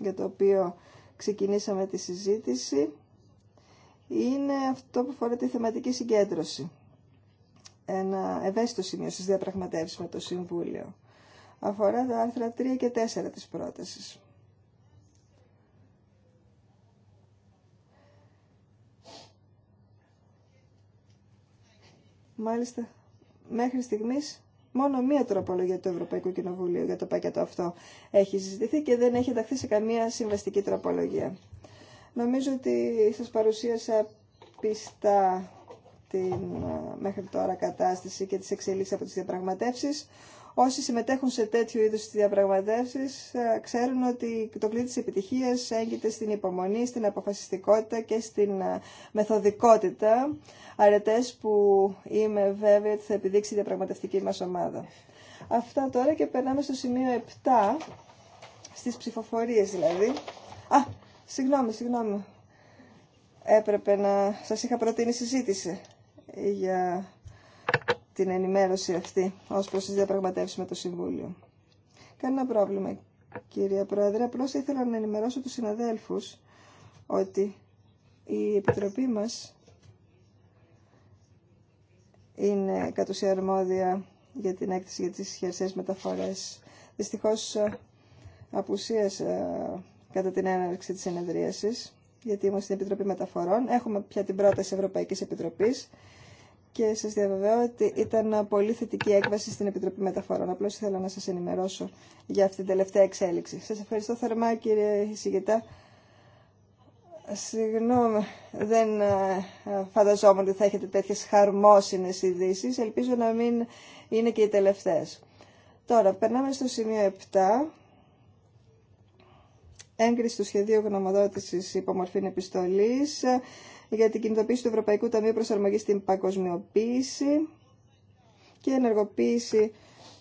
για το οποίο ξεκινήσαμε τη συζήτηση, είναι αυτό που αφορά τη θεματική συγκέντρωση. Ένα ευαίσθητο σημείο στις διαπραγματεύσεις με το Συμβούλιο. Αφορά τα άρθρα 3 και 4 της πρότασης. Μάλιστα, μέχρι στιγμής μόνο μία τροπολογία του Ευρωπαϊκού Κοινοβουλίου για το πακέτο αυτό έχει συζητηθεί και δεν έχει ενταχθεί σε καμία συμβαστική τροπολογία. Νομίζω ότι σας παρουσίασα πιστά την ε, μέχρι τώρα κατάσταση και τις εξελίξεις από τις διαπραγματεύσεις. Όσοι συμμετέχουν σε τέτοιου είδους διαπραγματεύσεις ε, ξέρουν ότι το κλειδί της επιτυχίας έγκυται στην υπομονή, στην αποφασιστικότητα και στην ε, μεθοδικότητα, αρετές που είμαι βέβαια ότι θα επιδείξει η διαπραγματευτική μας ομάδα. Αυτά τώρα και περνάμε στο σημείο 7, στις ψηφοφορίες δηλαδή. Α, συγγνώμη, συγγνώμη. Έπρεπε να σας είχα προτείνει συζήτηση για την ενημέρωση αυτή ως προς τις διαπραγματεύσεις με το Συμβούλιο. Κανένα πρόβλημα, κυρία Πρόεδρε. Απλώ ήθελα να ενημερώσω τους συναδέλφους ότι η Επιτροπή μας είναι κατ' ουσία αρμόδια για την έκθεση για τις χερσαίες μεταφορές. Δυστυχώς απουσίασα ε, κατά την έναρξη της συνεδρίασης, γιατί είμαστε στην Επιτροπή Μεταφορών. Έχουμε πια την πρόταση Ευρωπαϊκής Επιτροπής και σας διαβεβαίω ότι ήταν πολύ θετική έκβαση στην Επιτροπή Μεταφορών. Απλώς ήθελα να σας ενημερώσω για αυτή την τελευταία εξέλιξη. Σας ευχαριστώ θερμά κύριε Σιγητά. Συγγνώμη, δεν ε, φανταζόμουν ότι θα έχετε τέτοιες χαρμόσυνες ειδήσει. Ελπίζω να μην είναι και οι τελευταίες. Τώρα, περνάμε στο σημείο 7. Έγκριση του σχεδίου γνωμοδότησης υπομορφήν επιστολής για την κινητοποίηση του Ευρωπαϊκού Ταμείου Προσαρμογής στην Παγκοσμιοποίηση και ενεργοποίηση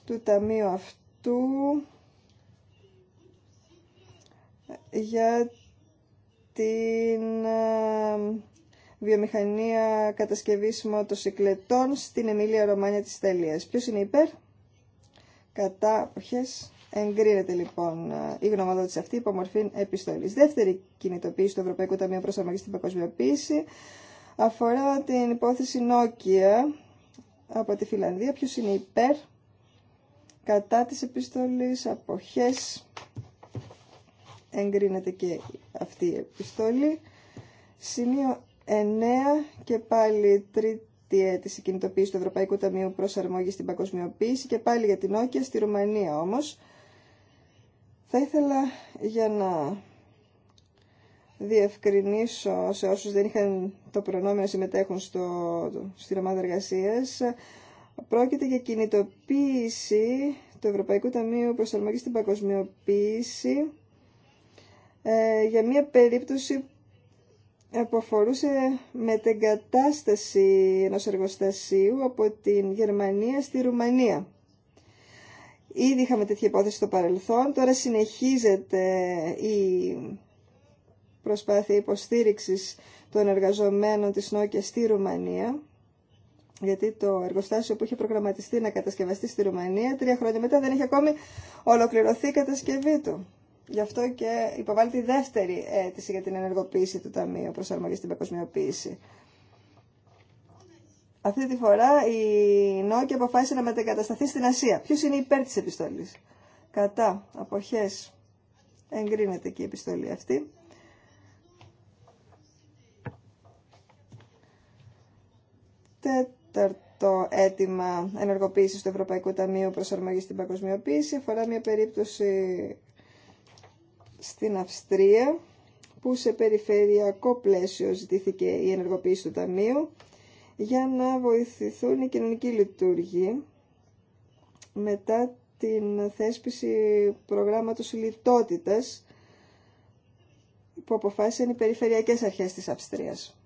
του Ταμείου αυτού για την ε, βιομηχανία κατασκευής μοτοσυκλετών στην Εμίλια Ρωμάνια της Ιταλίας. Ποιος είναι υπέρ? Κατά αποχές Εγκρίνεται λοιπόν ε, η γνωμοδότηση αυτή υπό μορφή επιστολή. Δεύτερη κινητοποίηση του Ευρωπαϊκού Ταμείου Προσαρμογή στην Παγκοσμιοποίηση αφορά την υπόθεση Νόκια από τη Φιλανδία. Ποιο είναι υπέρ κατά τη επιστολής, αποχέ. εγκρίνεται και αυτή η επιστολή. Σημείο 9 και πάλι τρίτη αίτηση κινητοποίηση του Ευρωπαϊκού Ταμείου Προσαρμόγης στην Παγκοσμιοποίηση και πάλι για την Όκια στη Ρουμανία όμω. Θα ήθελα για να διευκρινίσω σε όσους δεν είχαν το προνόμιο να συμμετέχουν στο, στην ομάδα πρόκειται για κινητοποίηση του Ευρωπαϊκού Ταμείου Προσαρμογής στην Παγκοσμιοποίηση ε, για μια περίπτωση που αφορούσε με την κατάσταση ενός εργοστασίου από την Γερμανία στη Ρουμανία. Ήδη είχαμε τέτοια υπόθεση στο παρελθόν, τώρα συνεχίζεται η προσπάθεια υποστήριξης των εργαζομένων της Νόκια στη Ρουμανία, γιατί το εργοστάσιο που είχε προγραμματιστεί να κατασκευαστεί στη Ρουμανία, τρία χρόνια μετά δεν έχει ακόμη ολοκληρωθεί η κατασκευή του. Γι' αυτό και υποβάλλει τη δεύτερη αίτηση για την ενεργοποίηση του Ταμείου προσαρμογής στην παγκοσμιοποίηση. Αυτή τη φορά η Νόκη αποφάσισε να μετεγκατασταθεί στην Ασία. Ποιο είναι υπέρ τη επιστολής. Κατά, απόχέ. εγκρίνεται και η επιστολή αυτή. Τέταρτο αίτημα ενεργοποίησης του Ευρωπαϊκού Ταμείου Προσαρμογής στην Παγκοσμιοποίηση αφορά μια περίπτωση στην Αυστρία που σε περιφερειακό πλαίσιο ζητήθηκε η ενεργοποίηση του Ταμείου για να βοηθηθούν οι κοινωνικοί λειτουργοί μετά την θέσπιση προγράμματος λιτότητας που αποφάσισαν οι περιφερειακές αρχές της Αυστρίας.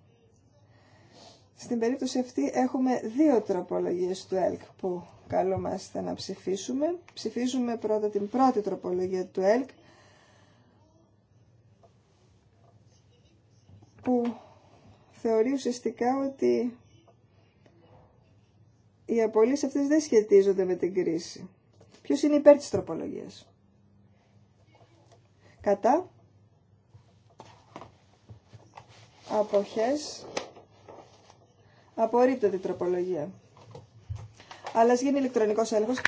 Στην περίπτωση αυτή έχουμε δύο τροπολογίες του ΕΛΚ που καλούμαστε να ψηφίσουμε. Ψηφίζουμε πρώτα την πρώτη τροπολογία του ΕΛΚ που θεωρεί ουσιαστικά ότι οι απολύσεις αυτές δεν σχετίζονται με την κρίση. Ποιος είναι υπέρ της τροπολογίας. Κατά. Αποχές. Απορρίπτεται η τροπολογία. Αλλά ας γίνει ηλεκτρονικός έλεγχος.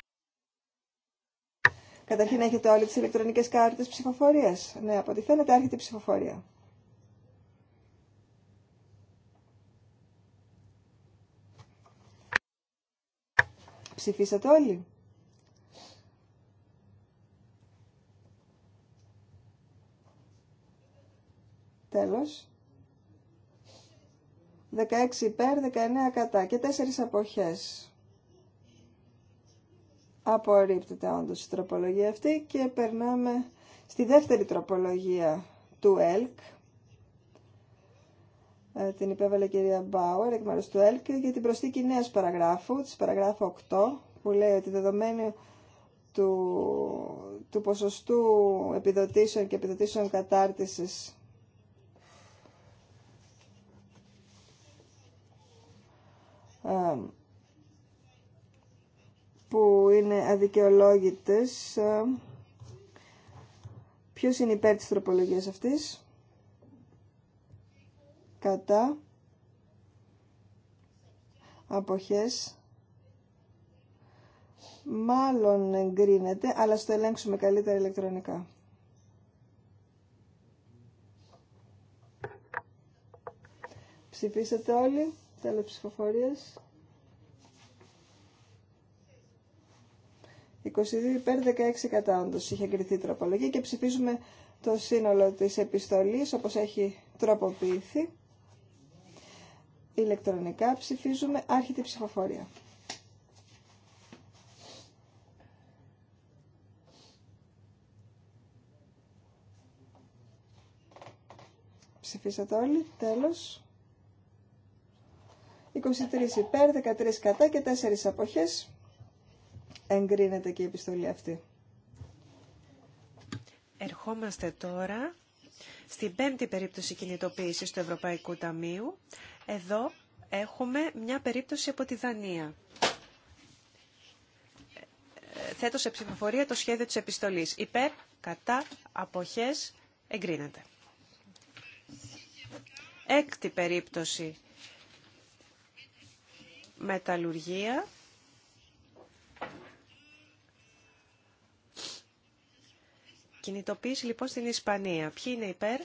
Καταρχήν έχετε όλες τις ηλεκτρονικές κάρτες ψηφοφορίας. Ναι, από ό,τι φαίνεται άρχεται η ψηφοφορία. Ψηφίσατε όλοι. Τέλος. 16 υπέρ, 19 κατά και 4 αποχές. Απορρίπτεται όντως η τροπολογία αυτή και περνάμε στη δεύτερη τροπολογία του ΕΛΚ ε, την υπέβαλε η κυρία Μπάουερ εκ μέρου του ΕΛΚ για την προσθήκη νέα παραγράφου, της παραγράφου 8, που λέει ότι δεδομένου του, του ποσοστού επιδοτήσεων και επιδοτήσεων κατάρτισης ε, που είναι αδικαιολόγητες. Ε, ποιος είναι υπέρ της τροπολογίας αυτής κατά αποχές μάλλον εγκρίνεται, αλλά στο ελέγξουμε καλύτερα ηλεκτρονικά. Ψηφίσατε όλοι, τέλος ψηφοφορίας. 22 υπέρ 16 κατά όντως είχε εγκριθεί τροπολογία και ψηφίζουμε το σύνολο της επιστολής όπως έχει τροποποιηθεί. Ηλεκτρονικά ψηφίζουμε άρχιτη ψηφοφορία. Ψηφίσατε όλοι, τέλος. 23 υπέρ, 13 κατά και 4 αποχές. Εγκρίνεται και η επιστολή αυτή. Ερχόμαστε τώρα στην πέμπτη περίπτωση κινητοποίησης του Ευρωπαϊκού Ταμείου, εδώ έχουμε μια περίπτωση από τη Δανία. Θέτω σε ψηφοφορία το σχέδιο της επιστολής. Υπέρ, κατά, αποχές, εγκρίνεται. Έκτη περίπτωση. Μεταλλουργία. Κινητοποίηση λοιπόν στην Ισπανία. Ποιοι είναι υπέρ,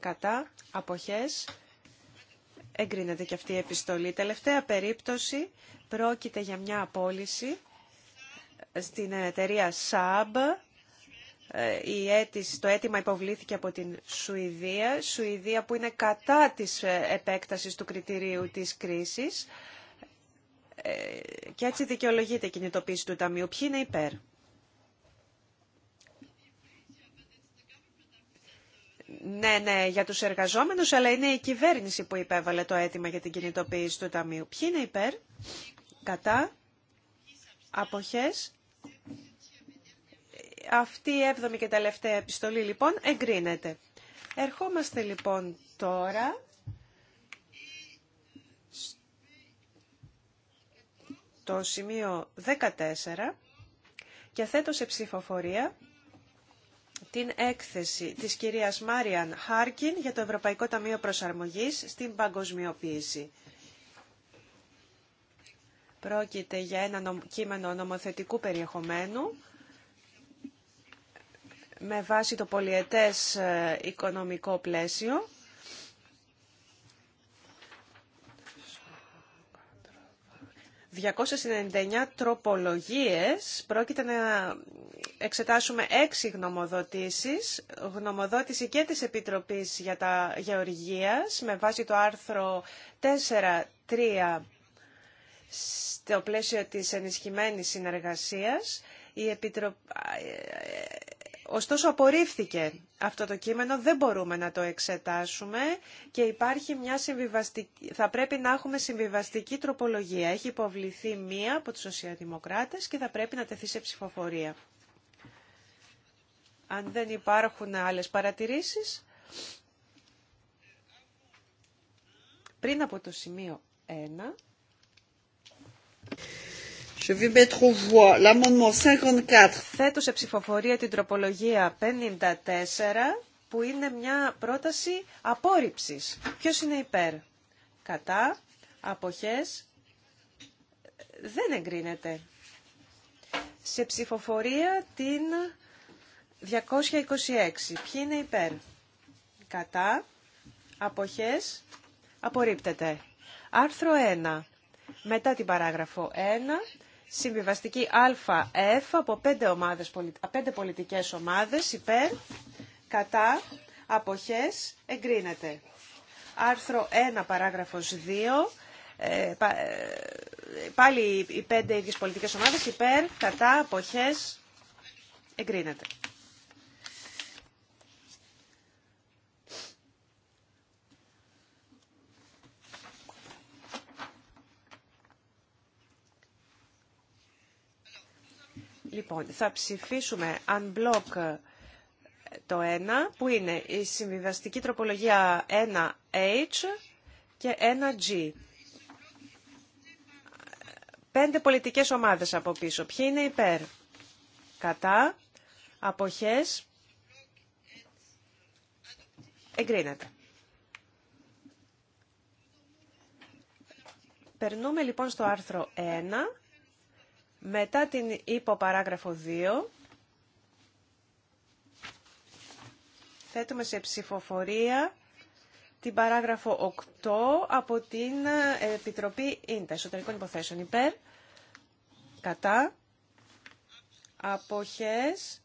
κατά, αποχές, εγκρίνεται και αυτή η επιστολή. Τελευταία περίπτωση πρόκειται για μια απόλυση στην εταιρεία ΣΑΜΠ. Ε, η αίτηση, το αίτημα υποβλήθηκε από την Σουηδία, Σουηδία που είναι κατά της ε, επέκτασης του κριτηρίου της κρίσης ε, και έτσι δικαιολογείται η κινητοποίηση του Ταμείου. Ποιοι είναι υπέρ. ναι, ναι, για τους εργαζόμενους, αλλά είναι η κυβέρνηση που υπέβαλε το αίτημα για την κινητοποίηση του Ταμείου. Ποιοι είναι υπέρ, κατά, αποχές. Αυτή η έβδομη και τελευταία επιστολή, λοιπόν, εγκρίνεται. Ερχόμαστε, λοιπόν, τώρα... Το σημείο 14 και θέτω σε ψηφοφορία την έκθεση της κυρίας Μάριαν Χάρκιν για το Ευρωπαϊκό Ταμείο Προσαρμογής στην Παγκοσμιοποίηση. Πρόκειται για ένα κείμενο νομοθετικού περιεχομένου με βάση το πολιετές ε, οικονομικό πλαίσιο. ...299 τροπολογίες πρόκειται να εξετάσουμε έξι γνωμοδοτήσεις, γνωμοδότηση και της Επιτροπής για τα Γεωργίας με βάση το άρθρο 4.3 στο πλαίσιο της ενισχυμένης συνεργασίας. Η Ωστόσο απορρίφθηκε αυτό το κείμενο, δεν μπορούμε να το εξετάσουμε και υπάρχει μια συμβιβαστική... θα πρέπει να έχουμε συμβιβαστική τροπολογία. Έχει υποβληθεί μία από τους και θα πρέπει να τεθεί σε ψηφοφορία. Αν δεν υπάρχουν άλλες παρατηρήσεις, πριν από το σημείο 1... Je vais mettre voix l'amendement 54. Θέτω σε ψηφοφορία την τροπολογία 54 που είναι μια πρόταση απόρριψης. Ποιος είναι υπέρ. Κατά, αποχές, δεν εγκρίνεται. Σε ψηφοφορία την 226. Ποιοι είναι υπέρ. Κατά. Αποχές. Απορρίπτεται. Άρθρο 1. Μετά την παράγραφο 1. Συμβιβαστική ΑΕΦ από πέντε ομάδες, 5 πολιτικές ομάδες υπέρ, κατά, αποχές, εγκρίνεται. Άρθρο 1, παράγραφος 2. Ε, ε, πάλι οι πέντε ίδιες πολιτικές ομάδες υπέρ, κατά, αποχές, εγκρίνεται. Λοιπόν, θα ψηφίσουμε unblock ε, το 1, που είναι η συμβιβαστική τροπολογία 1H και 1G. Πέντε πολιτικές ομάδες από πίσω. Ποιοι είναι υπέρ. Κατά. Αποχές. Εγκρίνεται. Περνούμε λοιπόν στο άρθρο 1 μετά την υποπαράγραφο 2, θέτουμε σε ψηφοφορία την παράγραφο 8 από την ε, Επιτροπή Ίντα Εσωτερικών Υποθέσεων. Υπέρ, κατά, αποχές.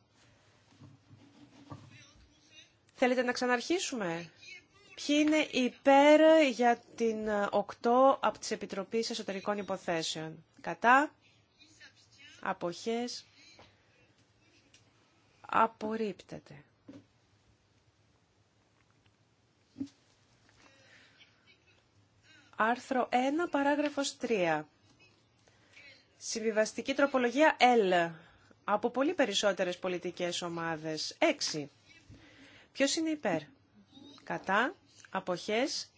Θέλετε να ξαναρχίσουμε. Ποιοι είναι υπέρ για την 8 από τις Επιτροπές Εσωτερικών Υποθέσεων. Κατά, αποχές απορρίπτεται. Άρθρο 1, παράγραφος 3. Συμβιβαστική τροπολογία L. Από πολύ περισσότερες πολιτικές ομάδες. 6. Ποιος είναι υπέρ. Κατά. Αποχές.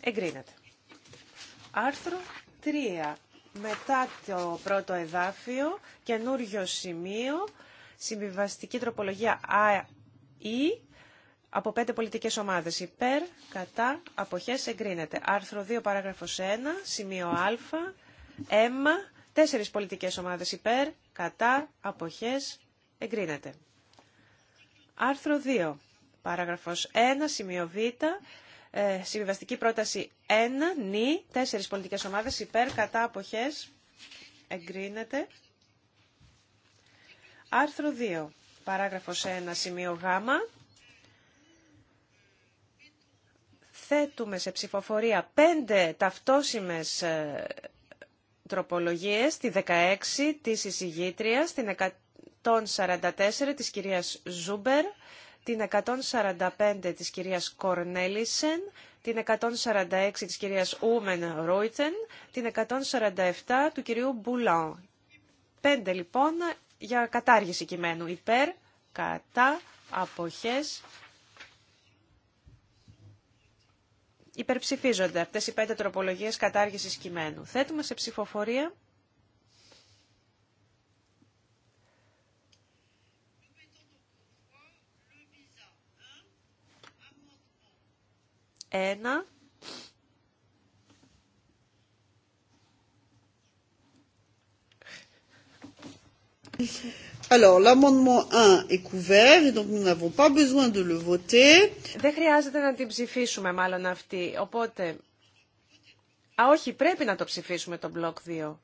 Εγκρίνεται. Άρθρο 3 μετά το πρώτο εδάφιο, καινούριο σημείο, συμβιβαστική τροπολογία ΑΕ, από πέντε πολιτικές ομάδες. Υπέρ, κατά, αποχές, εγκρίνεται. Άρθρο 2, παράγραφος 1, σημείο Α, αίμα, τέσσερις πολιτικές ομάδες. Υπέρ, κατά, αποχές, εγκρίνεται. Άρθρο 2, παράγραφος 1, σημείο Β, ε, συμβιβαστική πρόταση 1, νη, τέσσερις πολιτικές ομάδες, υπέρ, κατά, αποχές, εγκρίνεται. Άρθρο 2, παράγραφος 1, σημείο Γ. Θέτουμε σε ψηφοφορία πέντε ταυτόσιμες ε, τροπολογίες, τη 16 της εισηγήτριας, την 144 της κυρίας Ζούμπερ, την 145 της κυρίας Κορνέλισεν, την 146 της κυρίας Ούμεν Ρούιτεν, την 147 του κυρίου Μπουλάν. Πέντε λοιπόν για κατάργηση κειμένου. Υπέρ, κατά, αποχές, υπερψηφίζονται αυτές οι πέντε τροπολογίες κατάργησης κειμένου. Θέτουμε σε ψηφοφορία... Ένα. Alors, l'amendement 1 est couvert et donc nous n'avons pas besoin de le voter. Δεν χρειάζεται να την ψηφίσουμε μάλλον αυτή. Οπότε, α όχι, πρέπει να το ψηφίσουμε το μπλοκ 2.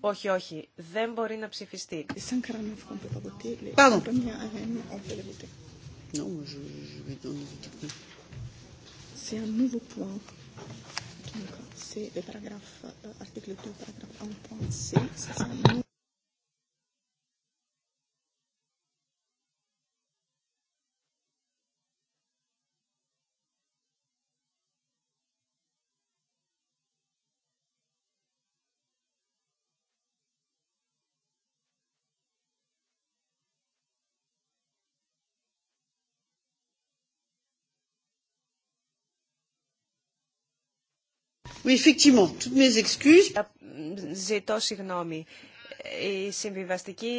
Όχι, όχι, δεν μπορεί να ψηφιστεί. Pardon. Non, je, je vais donner. C'est un nouveau point. C'est le paragraphe, article 2, paragraphe 1.6. Ζητώ συγγνώμη. Η συμβιβαστική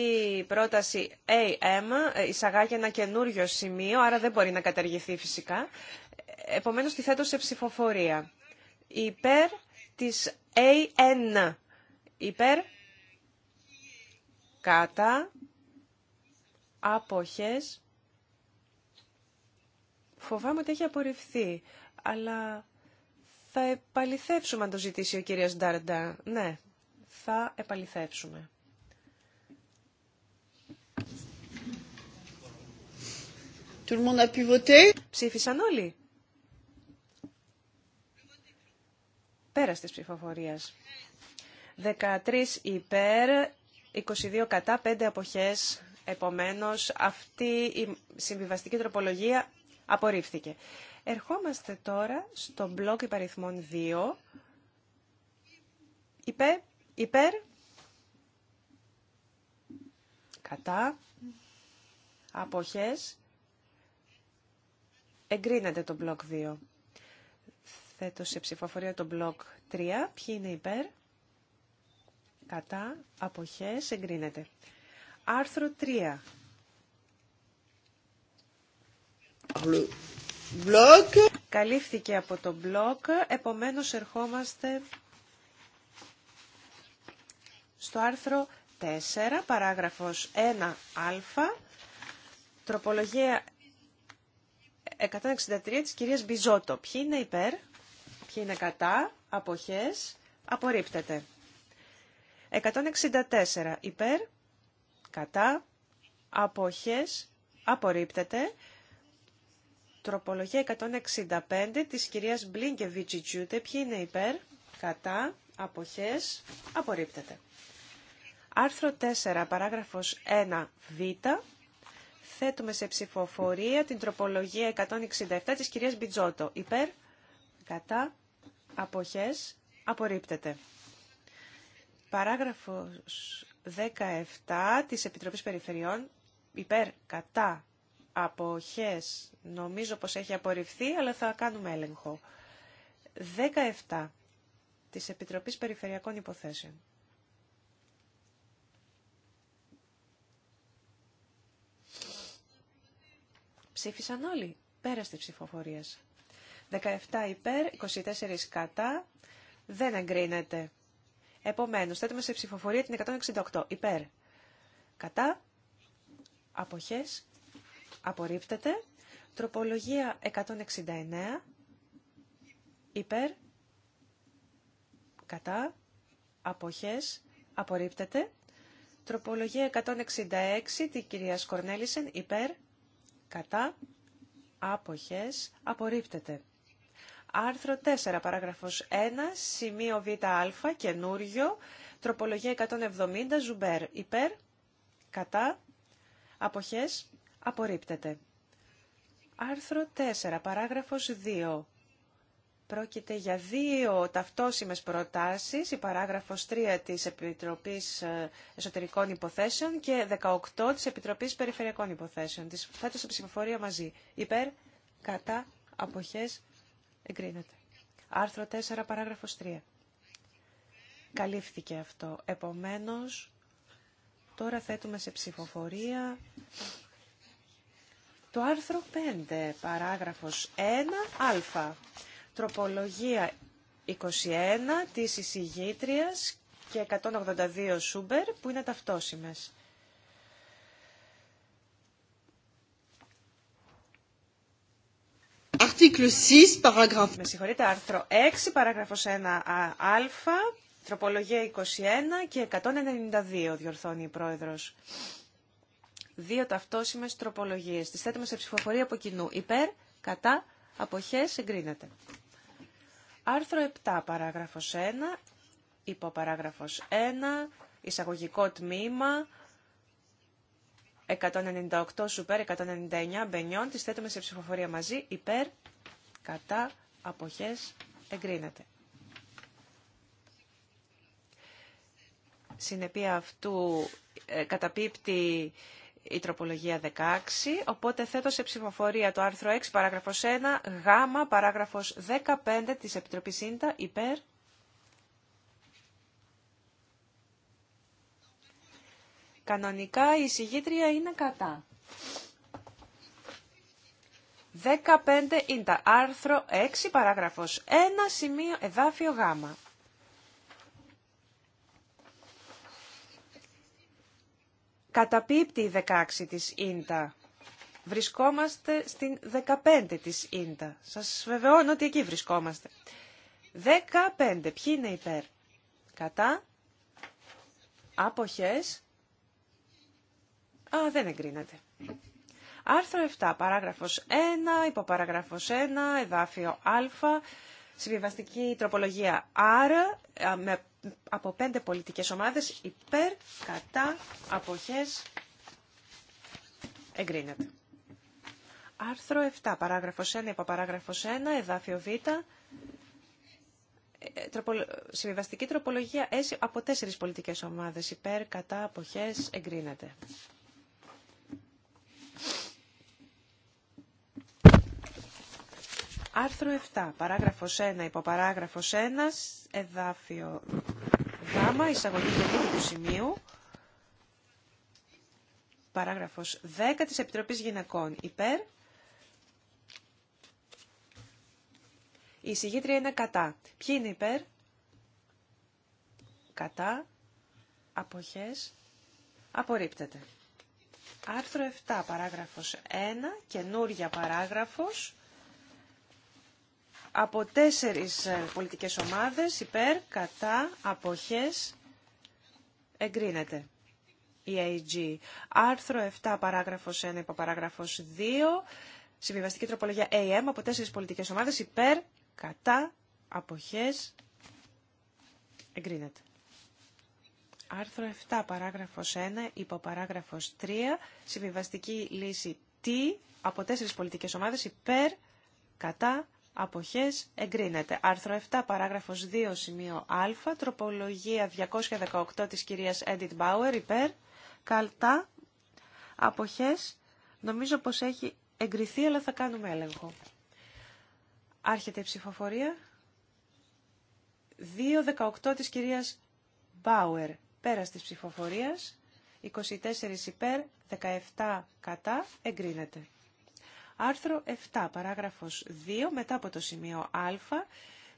πρόταση AM εισαγάγει ένα καινούριο σημείο, άρα δεν μπορεί να καταργηθεί φυσικά. Επομένως, τη θέτω σε ψηφοφορία. Υπέρ της AN. Υπέρ. Κάτα. Άποχες. Φοβάμαι ότι έχει απορριφθεί, αλλά θα επαληθεύσουμε αν το ζητήσει ο κύριος Νταρντά. Ναι, θα επαληθεύσουμε. Ψήφισαν όλοι. Πέρας της ψηφοφορίας. 13 υπέρ, 22 κατά, 5 αποχές. Επομένως, αυτή η συμβιβαστική τροπολογία απορρίφθηκε. Ερχόμαστε τώρα στο μπλοκ υπαριθμών 2. Υπέρ, υπέρ, κατά, αποχές, εγκρίνεται το μπλοκ 2. Θέτω σε ψηφοφορία το μπλοκ 3. Ποιοι είναι υπέρ, κατά, αποχές, εγκρίνεται. Άρθρο 3. Καλύφθηκε από το μπλοκ, επομένως ερχόμαστε στο άρθρο 4, παράγραφος 1α, τροπολογία 163 της κυρίας Μπιζότο. Ποιοι είναι υπέρ, ποιοι είναι κατά, αποχές, απορρίπτεται. 164 υπέρ, κατά, αποχές, απορρίπτεται. Τροπολογία 165 της κυρίας Μπλίνκεβιτσι Τζιούτε. Ποιοι είναι υπέρ, κατά, αποχές, απορρίπτεται. Άρθρο 4, παράγραφος 1β. Θέτουμε σε ψηφοφορία την τροπολογία 167 της κυρίας Μπιτζότο. Υπέρ, κατά, αποχές, απορρίπτεται. Παράγραφος 17 της Επιτροπής Περιφερειών. Υπέρ, κατά, αποχές νομίζω πως έχει απορριφθεί, αλλά θα κάνουμε έλεγχο. 17 της Επιτροπής Περιφερειακών Υποθέσεων. Ψήφισαν όλοι. Πέρα τη ψηφοφορία. 17 υπέρ, 24 κατά. Δεν εγκρίνεται. Επομένως, θέτουμε σε ψηφοφορία την 168. Υπέρ. Κατά. Αποχές απορρίπτεται. Τροπολογία 169 υπέρ κατά αποχές απορρίπτεται. Τροπολογία 166 τη κυρία Κορνέλισεν υπέρ κατά άποχες απορρίπτεται. Άρθρο 4, παράγραφος 1, σημείο βα, καινούριο, τροπολογία 170, ζουμπέρ, υπέρ, κατά, αποχές, Απορρίπτεται. Άρθρο 4, παράγραφος 2. Πρόκειται για δύο ταυτόσιμες προτάσεις, η παράγραφος 3 της Επιτροπής ε, Εσωτερικών Υποθέσεων και 18 της Επιτροπής Περιφερειακών Υποθέσεων. Τις θέτω σε ψηφοφορία μαζί. Υπέρ, κατά, αποχές, εγκρίνεται. Άρθρο 4, παράγραφος 3. Καλύφθηκε αυτό. Επομένως, τώρα θέτουμε σε ψηφοφορία το άρθρο 5, παράγραφος 1α, τροπολογία 21 της εισηγήτριας και 182 Σούμπερ που είναι ταυτόσιμες. Article 6, Με συγχωρείτε, άρθρο 6, παράγραφος 1α, τροπολογία 21 και 192, διορθώνει η πρόεδρος δύο ταυτόσιμες τροπολογίες. Τις θέτουμε σε ψηφοφορία από κοινού. Υπέρ, κατά, αποχές, εγκρίνεται. Άρθρο 7, παράγραφος 1, υποπαράγραφος 1, εισαγωγικό τμήμα, 198 σούπερ, 199 μπενιών, τις θέτουμε σε ψηφοφορία μαζί, υπέρ, κατά, αποχές, εγκρίνεται. Συνεπία αυτού ε, καταπίπτει η τροπολογία 16, οπότε θέτω σε ψηφοφορία το άρθρο 6, παράγραφος 1, γάμα, παράγραφος 15 της Επιτροπής ΣΥΝΤΑ, υπέρ. Κανονικά η εισηγήτρια είναι κατά. 15 είναι άρθρο 6 παράγραφος 1 σημείο εδάφιο γάμα. καταπίπτει η 16 της ίντα. Βρισκόμαστε στην 15 της ίντα. Σας βεβαιώνω ότι εκεί βρισκόμαστε. 15. Ποιοι είναι υπέρ. Κατά. Αποχές. Α, δεν εγκρίνεται. Άρθρο 7, παράγραφος 1, υποπαράγραφος 1, εδάφιο α, συμβιβαστική τροπολογία R, με από πέντε πολιτικές ομάδες υπέρ, κατά, αποχές, εγκρίνεται. Άρθρο 7, παράγραφος 1, υπό παράγραφος 1, εδάφιο Β, ε, συμβιβαστική τροπολογία S από τέσσερις πολιτικές ομάδες υπέρ, κατά, αποχές, εγκρίνεται. Άρθρο 7, παράγραφος 1, υποπαράγραφος 1, εδάφιο γ, εισαγωγή του σημείου, παράγραφος 10 της Επιτροπής Γυναικών, υπέρ. Η εισηγήτρια είναι κατά. Ποιοι είναι υπέρ? Κατά. Αποχές. Απορρίπτεται. Άρθρο 7, παράγραφος 1, καινούρια παράγραφος, από τέσσερις ε, πολιτικές ομάδες υπέρ, κατά, αποχές, εγκρίνεται η AG. Άρθρο 7, παράγραφος 1, υποπαράγραφος 2, συμβιβαστική τροπολογία AM από τέσσερις πολιτικές ομάδες υπέρ, κατά, αποχές, εγκρίνεται. Άρθρο 7, παράγραφος 1, υποπαράγραφος 3, συμβιβαστική λύση T από τέσσερις πολιτικές ομάδες υπέρ, κατά, αποχές εγκρίνεται. Άρθρο 7, παράγραφος 2, σημείο α, τροπολογία 218 της κυρίας Edith Bauer, υπέρ, καλτά, αποχές, νομίζω πως έχει εγκριθεί, αλλά θα κάνουμε έλεγχο. Άρχεται η ψηφοφορία. 2.18 της κυρίας Bauer, πέρας της ψηφοφορίας, 24 υπέρ, 17 κατά, εγκρίνεται. Άρθρο 7, παράγραφος 2, μετά από το σημείο α,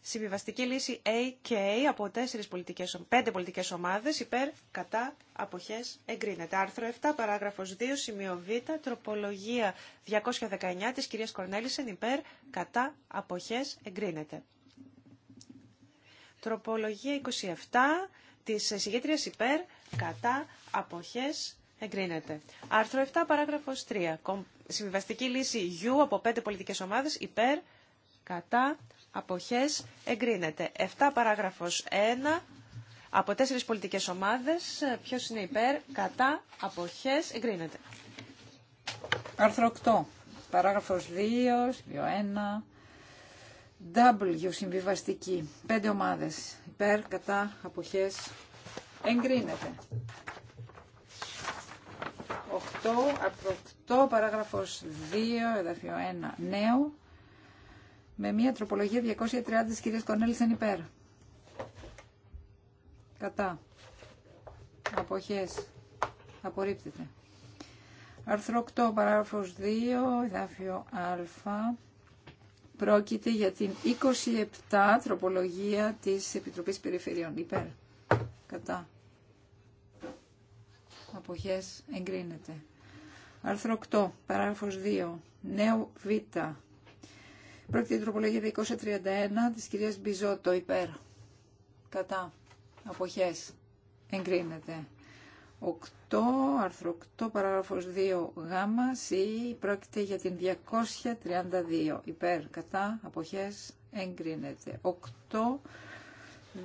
συμβιβαστική λύση AK από 4 πολιτικές, 5 πολιτικές ομάδες υπέρ κατά αποχές εγκρίνεται. Άρθρο 7, παράγραφος 2, σημείο Β, τροπολογία 219 της κυρίας Κορνέλησεν υπέρ κατά αποχές εγκρίνεται. Τροπολογία 27 της συγκέντριας υπέρ κατά αποχές εγκρίνεται. Άρθρο 7, παράγραφος 3, Συμβιβαστική λύση U από πέντε πολιτικές ομάδες υπέρ, κατά, αποχές, εγκρίνεται. 7 παράγραφος 1 από τέσσερις πολιτικές ομάδες. Ποιος είναι υπέρ, κατά, αποχές, εγκρίνεται. Άρθρο 8. Παράγραφος 2, 2, 1. W, συμβιβαστική. Πέντε ομάδες. Υπέρ, κατά, αποχές, εγκρίνεται. 8, 8 παράγραφος 2, εδάφιο 1, νέο, με μια τροπολογία 230 της κυρίας εν υπέρ. Κατά. Αποχές. Απορρίπτεται. Άρθρο 8, παράγραφος 2, εδάφιο α. Πρόκειται για την 27 τροπολογία της Επιτροπής Περιφερειών. Υπέρ. Κατά αποχές εγκρίνεται. Άρθρο 8, παράγραφος 2, νέο β. Πρόκειται την τροπολογία 231 της κυρίας Μπιζότο, υπέρ. Κατά. Αποχές. Εγκρίνεται. 8, άρθρο 8, παράγραφος 2, γάμα, σι, πρόκειται για την 232, υπέρ, κατά, αποχές, εγκρίνεται. 8,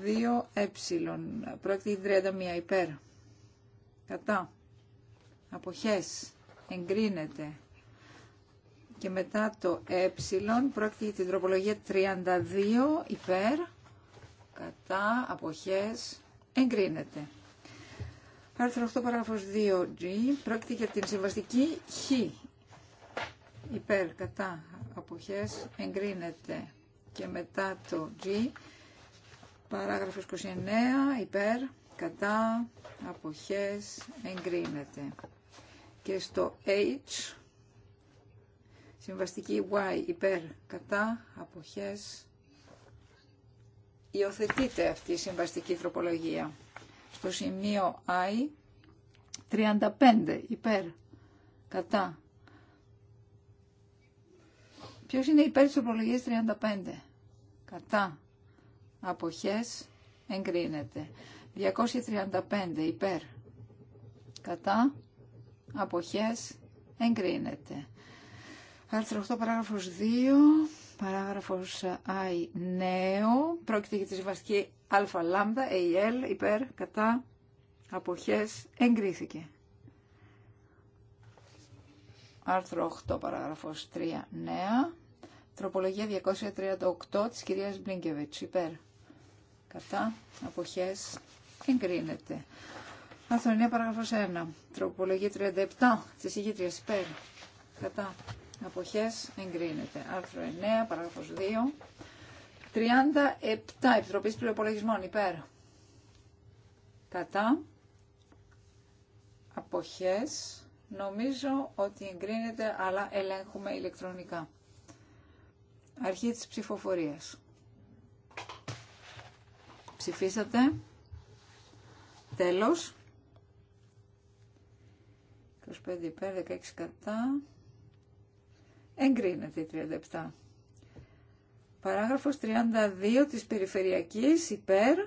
2, ε, πρόκειται για 31, υπέρ, κατά αποχές εγκρίνεται και μετά το ε πρόκειται για την τροπολογία 32 υπέρ κατά αποχές εγκρίνεται. Άρθρο 8 παράγραφος 2G πρόκειται για την συμβαστική Χ υπέρ κατά αποχές εγκρίνεται και μετά το G παράγραφος 29 υπέρ κατά αποχές εγκρίνεται. Και στο H, συμβαστική Y υπέρ κατά αποχές υιοθετείται αυτή η συμβαστική τροπολογία. Στο σημείο I, 35 υπέρ κατά. Ποιος είναι υπέρ της τροπολογίας 35 κατά αποχές εγκρίνεται. 235 υπέρ κατά αποχές εγκρίνεται. Άρθρο 8 παράγραφος 2 παράγραφος I νέο πρόκειται για τη συμβαστική α λάμδα AL ε, υπέρ κατά αποχές εγκρίθηκε. Άρθρο 8 παράγραφος 3 νέα τροπολογία 238 της κυρίας Μπλίνκεβιτς υπέρ κατά αποχές εγκρίνεται. 9, παράγραφος 1. Τροπολογία 37 τη ηγήτριας υπέρ. Κατά. Αποχές εγκρίνεται. Άρθρο 9, παράγραφος 2. 37 Επιτροπής Πληροπολογισμών υπέρ. Κατά. Αποχές. Νομίζω ότι εγκρίνεται, αλλά ελέγχουμε ηλεκτρονικά. Αρχή της ψηφοφορίας. Ψηφίσατε. Τέλος. 25 υπέρ, 16 κατά. Εγκρίνεται η 37. Παράγραφος 32 της περιφερειακής υπέρ,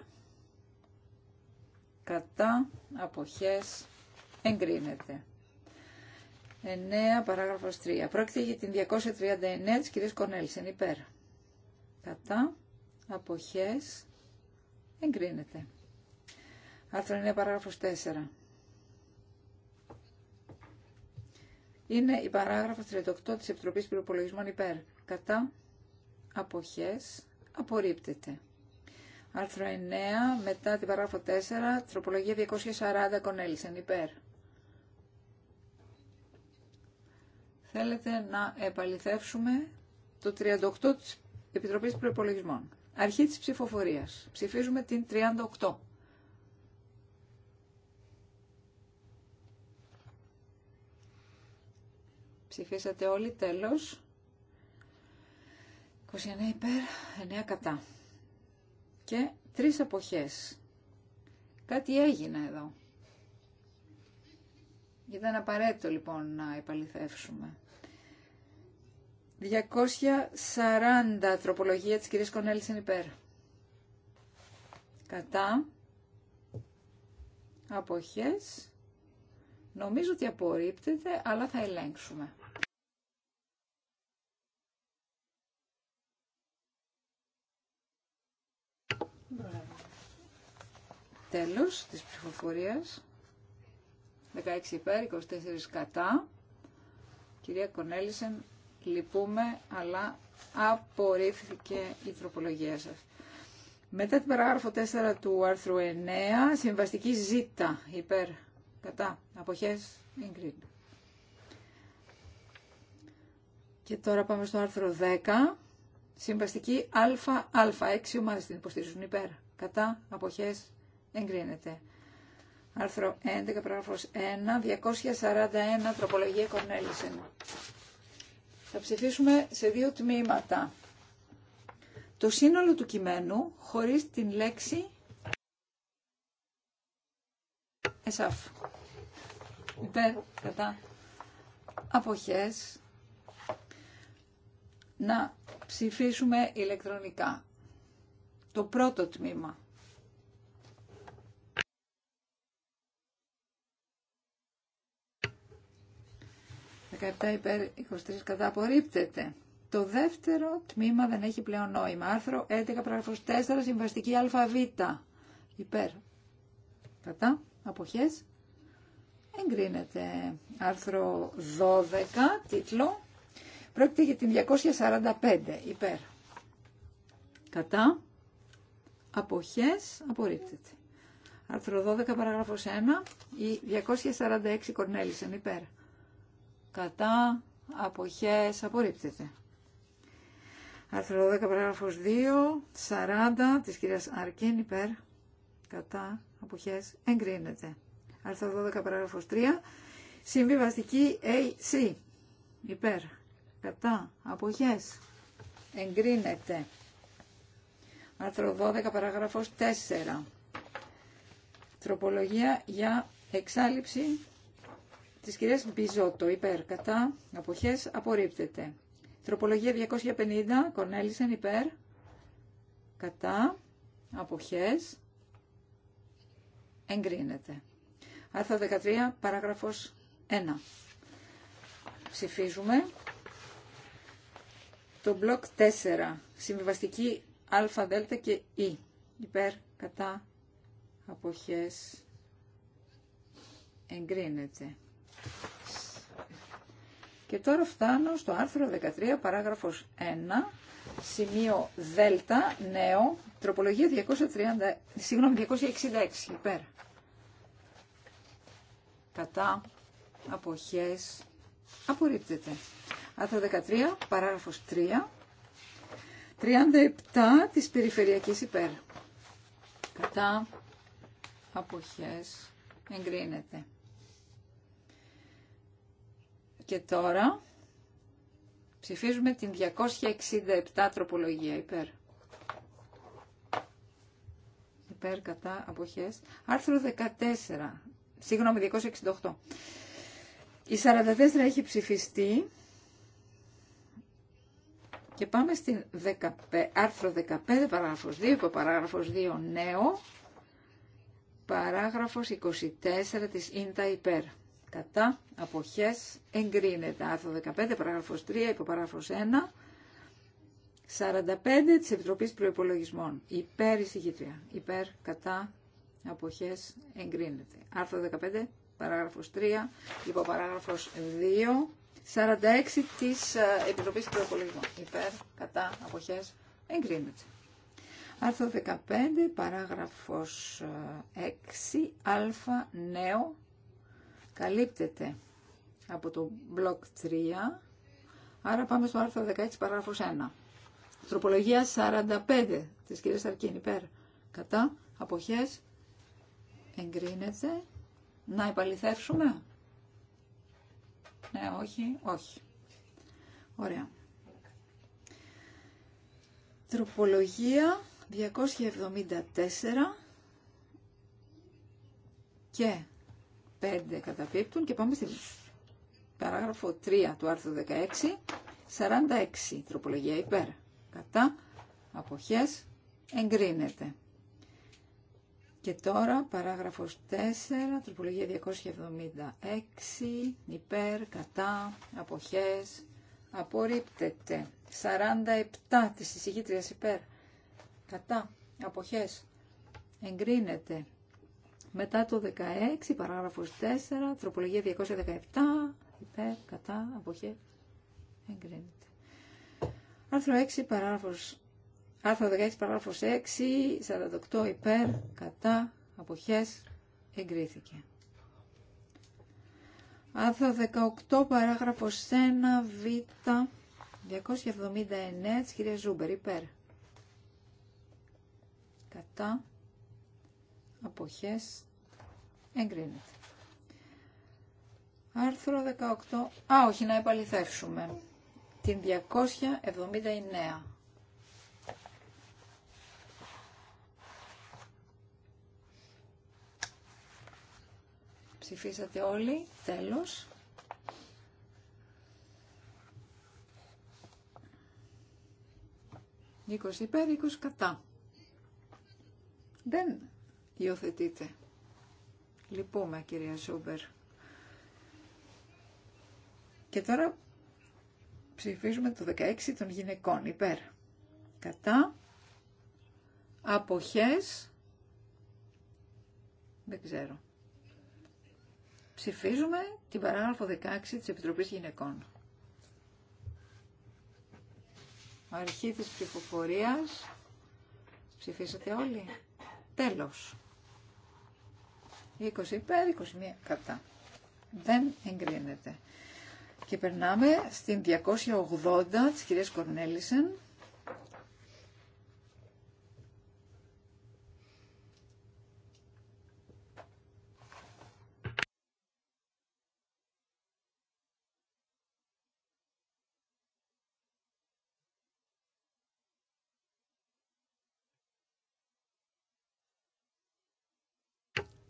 κατά, αποχές, εγκρίνεται. 9 παράγραφος 3. Πρόκειται για την 239 της κυρίας Κονέλσεν υπέρ. Κατά, αποχές, εγκρίνεται. Άρθρο 9 παράγραφος 4. Είναι η παράγραφος 38 της Επιτροπής Προπολογισμών υπέρ. Κατά αποχές απορρίπτεται. Άρθρο 9, μετά την παράγραφο 4, τροπολογία 240 Κονέλησεν, υπέρ. Θέλετε να επαληθεύσουμε το 38 της Επιτροπής Προπολογισμών. Αρχή της ψηφοφορίας. Ψηφίζουμε την 38. Ψηφίσατε όλοι, τέλος. 29 υπέρ, 9 κατά. Και τρεις αποχές. Κάτι έγινε εδώ. Ήταν απαραίτητο λοιπόν να επαληθεύσουμε. 240 τροπολογία της κυρίας Κονέλης είναι υπέρ. Κατά. Αποχές. Νομίζω ότι απορρίπτεται, αλλά θα ελέγξουμε. Τέλος της ψηφοφορίας. 16 υπέρ, 24 κατά. Κυρία Κονέλησεν, λυπούμε, αλλά απορρίφθηκε η τροπολογία σας. Μετά την παράγραφο 4 του άρθρου 9, συμβαστική Ζ, υπέρ, κατά, αποχές, εγκρίνει. Και τώρα πάμε στο άρθρο 10, συμβαστική ΑΑ, 6 ομάδες την υποστηρίζουν υπέρ, κατά, αποχές, εγκρίνεται. Άρθρο 11, πράγματος 1, 241, τροπολογία Κορνέλησεν. Θα ψηφίσουμε σε δύο τμήματα. Το σύνολο του κειμένου χωρίς την λέξη ΕΣΑΦ. Υπέρ, κατά, αποχές, να ψηφίσουμε ηλεκτρονικά. Το πρώτο τμήμα. 17 υπέρ 23 κατά απορρίπτεται. Το δεύτερο τμήμα δεν έχει πλέον νόημα. Άρθρο 11 παράγραφος 4 συμβαστική αλφαβήτα υπέρ κατά αποχές εγκρίνεται. Άρθρο 12 τίτλο πρόκειται για την 245 υπέρ κατά αποχές απορρίπτεται. Άρθρο 12 παράγραφος 1 η 246 Κορνέλησεν υπέρ κατά, αποχές, απορρίπτεται. Άρθρο 12, παράγραφος 2, 40 της κυρίας Αρκίν υπέρ, κατά, αποχές, εγκρίνεται. Άρθρο 12, παράγραφος 3, συμβιβαστική AC, υπέρ, κατά, αποχές, εγκρίνεται. Άρθρο 12, παράγραφος 4, τροπολογία για εξάλληψη της κυρίας Μπιζότο, υπέρ, κατά, αποχές, απορρίπτεται. Τροπολογία 250, Κορνέλισεν, υπέρ, κατά, αποχές, εγκρίνεται. Άρθρο 13, παράγραφος 1. Ψηφίζουμε. Το μπλοκ 4, συμβιβαστική α, δ και η. Υπέρ, κατά, αποχές, εγκρίνεται. Και τώρα φτάνω στο άρθρο 13, παράγραφος 1, σημείο Δέλτα, νέο, τροπολογία 230, συγγνώμη, 266, υπέρ. Κατά, αποχές, απορρίπτεται. Άρθρο 13, παράγραφος 3, 37 της περιφερειακής υπέρ. Κατά, αποχές, εγκρίνεται. Και τώρα ψηφίζουμε την 267 τροπολογία υπέρ. Υπέρ κατά αποχές. Άρθρο 14. Συγγνώμη, 268. Η 44 έχει ψηφιστεί. Και πάμε στην 15, άρθρο 15, παράγραφος 2, παράγραφος 2, νέο, παράγραφος 24 της ίντα υπέρ κατά αποχές εγκρίνεται. Άρθρο 15, παράγραφος 3, υποπαράγραφος 1, 45 της Επιτροπής Προϋπολογισμών. Υπέρ εισηγήτρια. Υπέρ κατά αποχές εγκρίνεται. Άρθρο 15, παράγραφος 3, υποπαράγραφος 2, 46 της ε, Επιτροπής Προϋπολογισμών. Υπέρ, κατά, αποχές, εγκρίνεται. Άρθρο 15, παράγραφος 6, ε, α, νέο, καλύπτεται από το μπλοκ 3, άρα πάμε στο άρθρο 16 παράγραφος 1. Τροπολογία 45 της κυρίας Αρκίνη, Πέρ. κατά, αποχές, εγκρίνεται, να υπαλληθεύσουμε. Ναι, όχι, όχι. Ωραία. Τροπολογία 274 και 5 καταπίπτουν και πάμε στην παράγραφο 3 του άρθρου 16, 46 τροπολογία υπέρ. Κατά αποχές εγκρίνεται. Και τώρα παράγραφος 4, τροπολογία 276, υπέρ, κατά, αποχές, απορρίπτεται. 47 της εισηγήτριας υπέρ, κατά, αποχές, εγκρίνεται. Μετά το 16, παράγραφος 4, τροπολογία 217, υπέρ, κατά, αποχές, εγκρίνεται. Άρθρο 6, παράγραφος, άρθρο 16, παράγραφος 6, 48, υπέρ, κατά, αποχές, εγκρίθηκε. Άρθρο 18, παράγραφος 1, β, 279 της κυρία Ζούμπερ, υπέρ. Κατά αποχές Εγκρίνεται. Άρθρο 18. Α, όχι, να επαληθεύσουμε. Την 279. Ψηφίσατε όλοι. Τέλος. Νίκος υπέρ, 20 κατά. Δεν υιοθετείτε. Λυπούμε, κυρία Σούμπερ. Και τώρα ψηφίζουμε το 16 των γυναικών υπέρ. Κατά αποχές δεν ξέρω. Ψηφίζουμε την παράγραφο 16 της Επιτροπής Γυναικών. Αρχή της ψηφοφορίας. Ψηφίσατε όλοι. Τέλος. 20 υπέρ, 21 κατά. Δεν εγκρίνεται. Και περνάμε στην 280 της κυρίας Κορνέλισεν.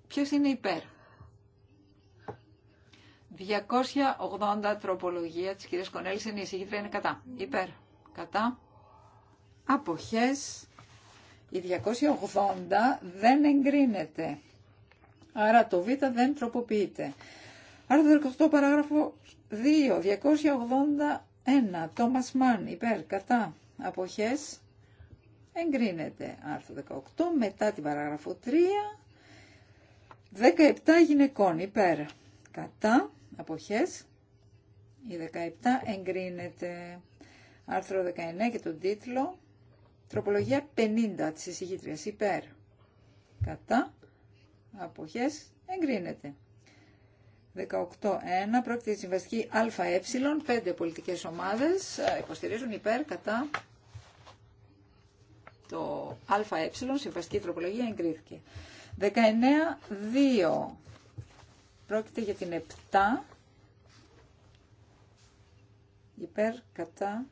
Ποιος είναι υπέρ. 280 τροπολογία της κυρίας Κονέλης είναι η είναι κατά. Υπέρ. Κατά. Αποχές. Η 280 δεν εγκρίνεται. Άρα το Β δεν τροποποιείται. Άρα το 18 παράγραφο 2. 281. Τόμας Μαν. Υπέρ. Κατά. Αποχές. Εγκρίνεται. Άρθρο 18. Μετά την παράγραφο 3. 17 γυναικών υπέρ κατά αποχές. Η 17 εγκρίνεται άρθρο 19 και τον τίτλο τροπολογία 50 της εισηγήτριας υπέρ κατά αποχές εγκρίνεται. 18.1 πρόκειται η συμβαστική ΑΕ, 5 πολιτικές ομάδες ε, υποστηρίζουν υπέρ κατά το ΑΕ, συμβαστική τροπολογία εγκρίθηκε. 19-2 Πρόκειται για την 7. Υπέρ, κατά,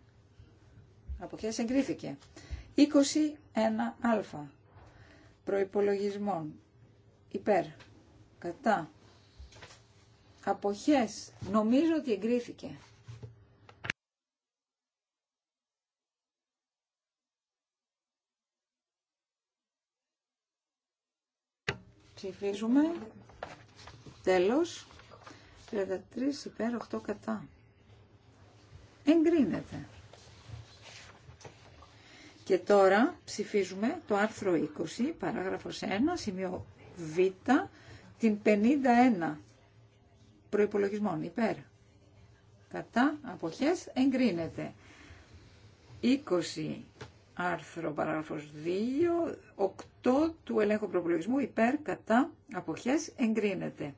αποχές εγκρίθηκε. 21α. Προϋπολογισμών. Υπέρ, κατά, αποχές. Νομίζω ότι εγκρίθηκε. Ψηφίζουμε. Τέλος. 33 υπέρ 8 κατά. Εγκρίνεται. Και τώρα ψηφίζουμε το άρθρο 20, παράγραφος 1, σημείο Β, την 51 προϋπολογισμών υπέρ. Κατά αποχές εγκρίνεται. 20 άρθρο παράγραφος 2, 8 του ελέγχου προπολογισμού υπέρ κατά αποχές εγκρίνεται.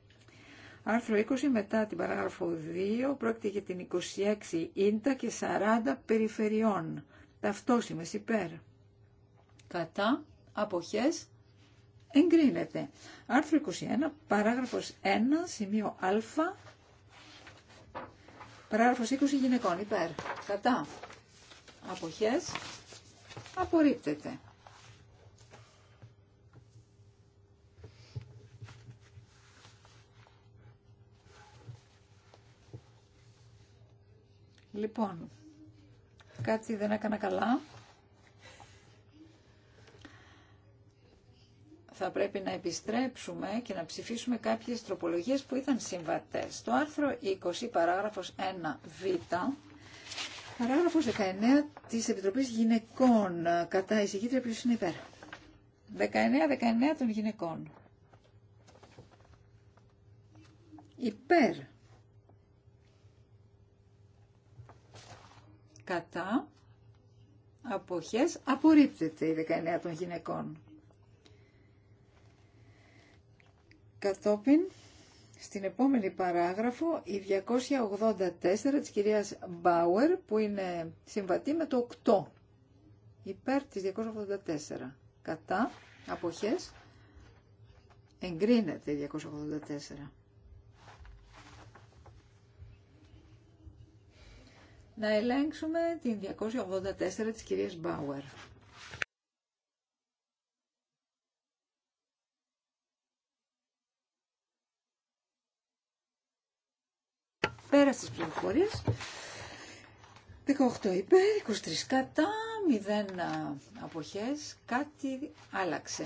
Άρθρο 20 μετά την παράγραφο 2 πρόκειται για την 26 ίντα και 40 περιφερειών. Ταυτόσημες υπέρ. Κατά αποχές εγκρίνεται. Άρθρο 21 παράγραφος 1 σημείο α παράγραφος 20 γυναικών υπέρ. Κατά αποχές Απορρίπτεται. Λοιπόν, κάτι δεν έκανα καλά. Θα πρέπει να επιστρέψουμε και να ψηφίσουμε κάποιες τροπολογίες που ήταν συμβατές. Το άρθρο 20, παράγραφος 1β, Παράγραφος 19 της Επιτροπής Γυναικών. Κατά εισηγήτρια ποιος είναι υπέρ. 19-19 των γυναικών. Υπέρ. Κατά. Αποχές. Απορρίπτεται η 19 των γυναικών. Κατόπιν στην επόμενη παράγραφο η 284 της κυρίας Μπάουερ που είναι συμβατή με το 8 υπέρ της 284 κατά αποχές εγκρίνεται η 284. Να ελέγξουμε την 284 της κυρίας Μπάουερ. Πέρα στις πληροφορίες. 18 υπέρ, 23 κατά, 0 αποχές, κάτι άλλαξε.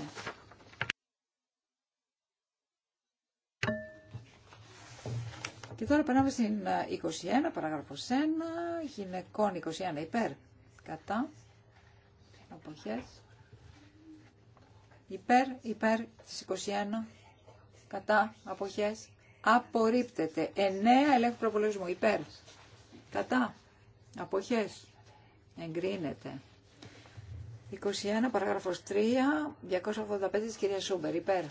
Και τώρα περνάμε στην 21, παράγραφος 1, γυναικών 21 υπέρ, κατά, αποχές, υπέρ, υπέρ της 21, κατά, αποχές, απορρίπτεται. 9 ελέγχου προπολογισμού υπέρ. Κατά. Αποχές. Εγκρίνεται. 21 παράγραφος 3 285 της κυρίας Σούμπερ υπέρ.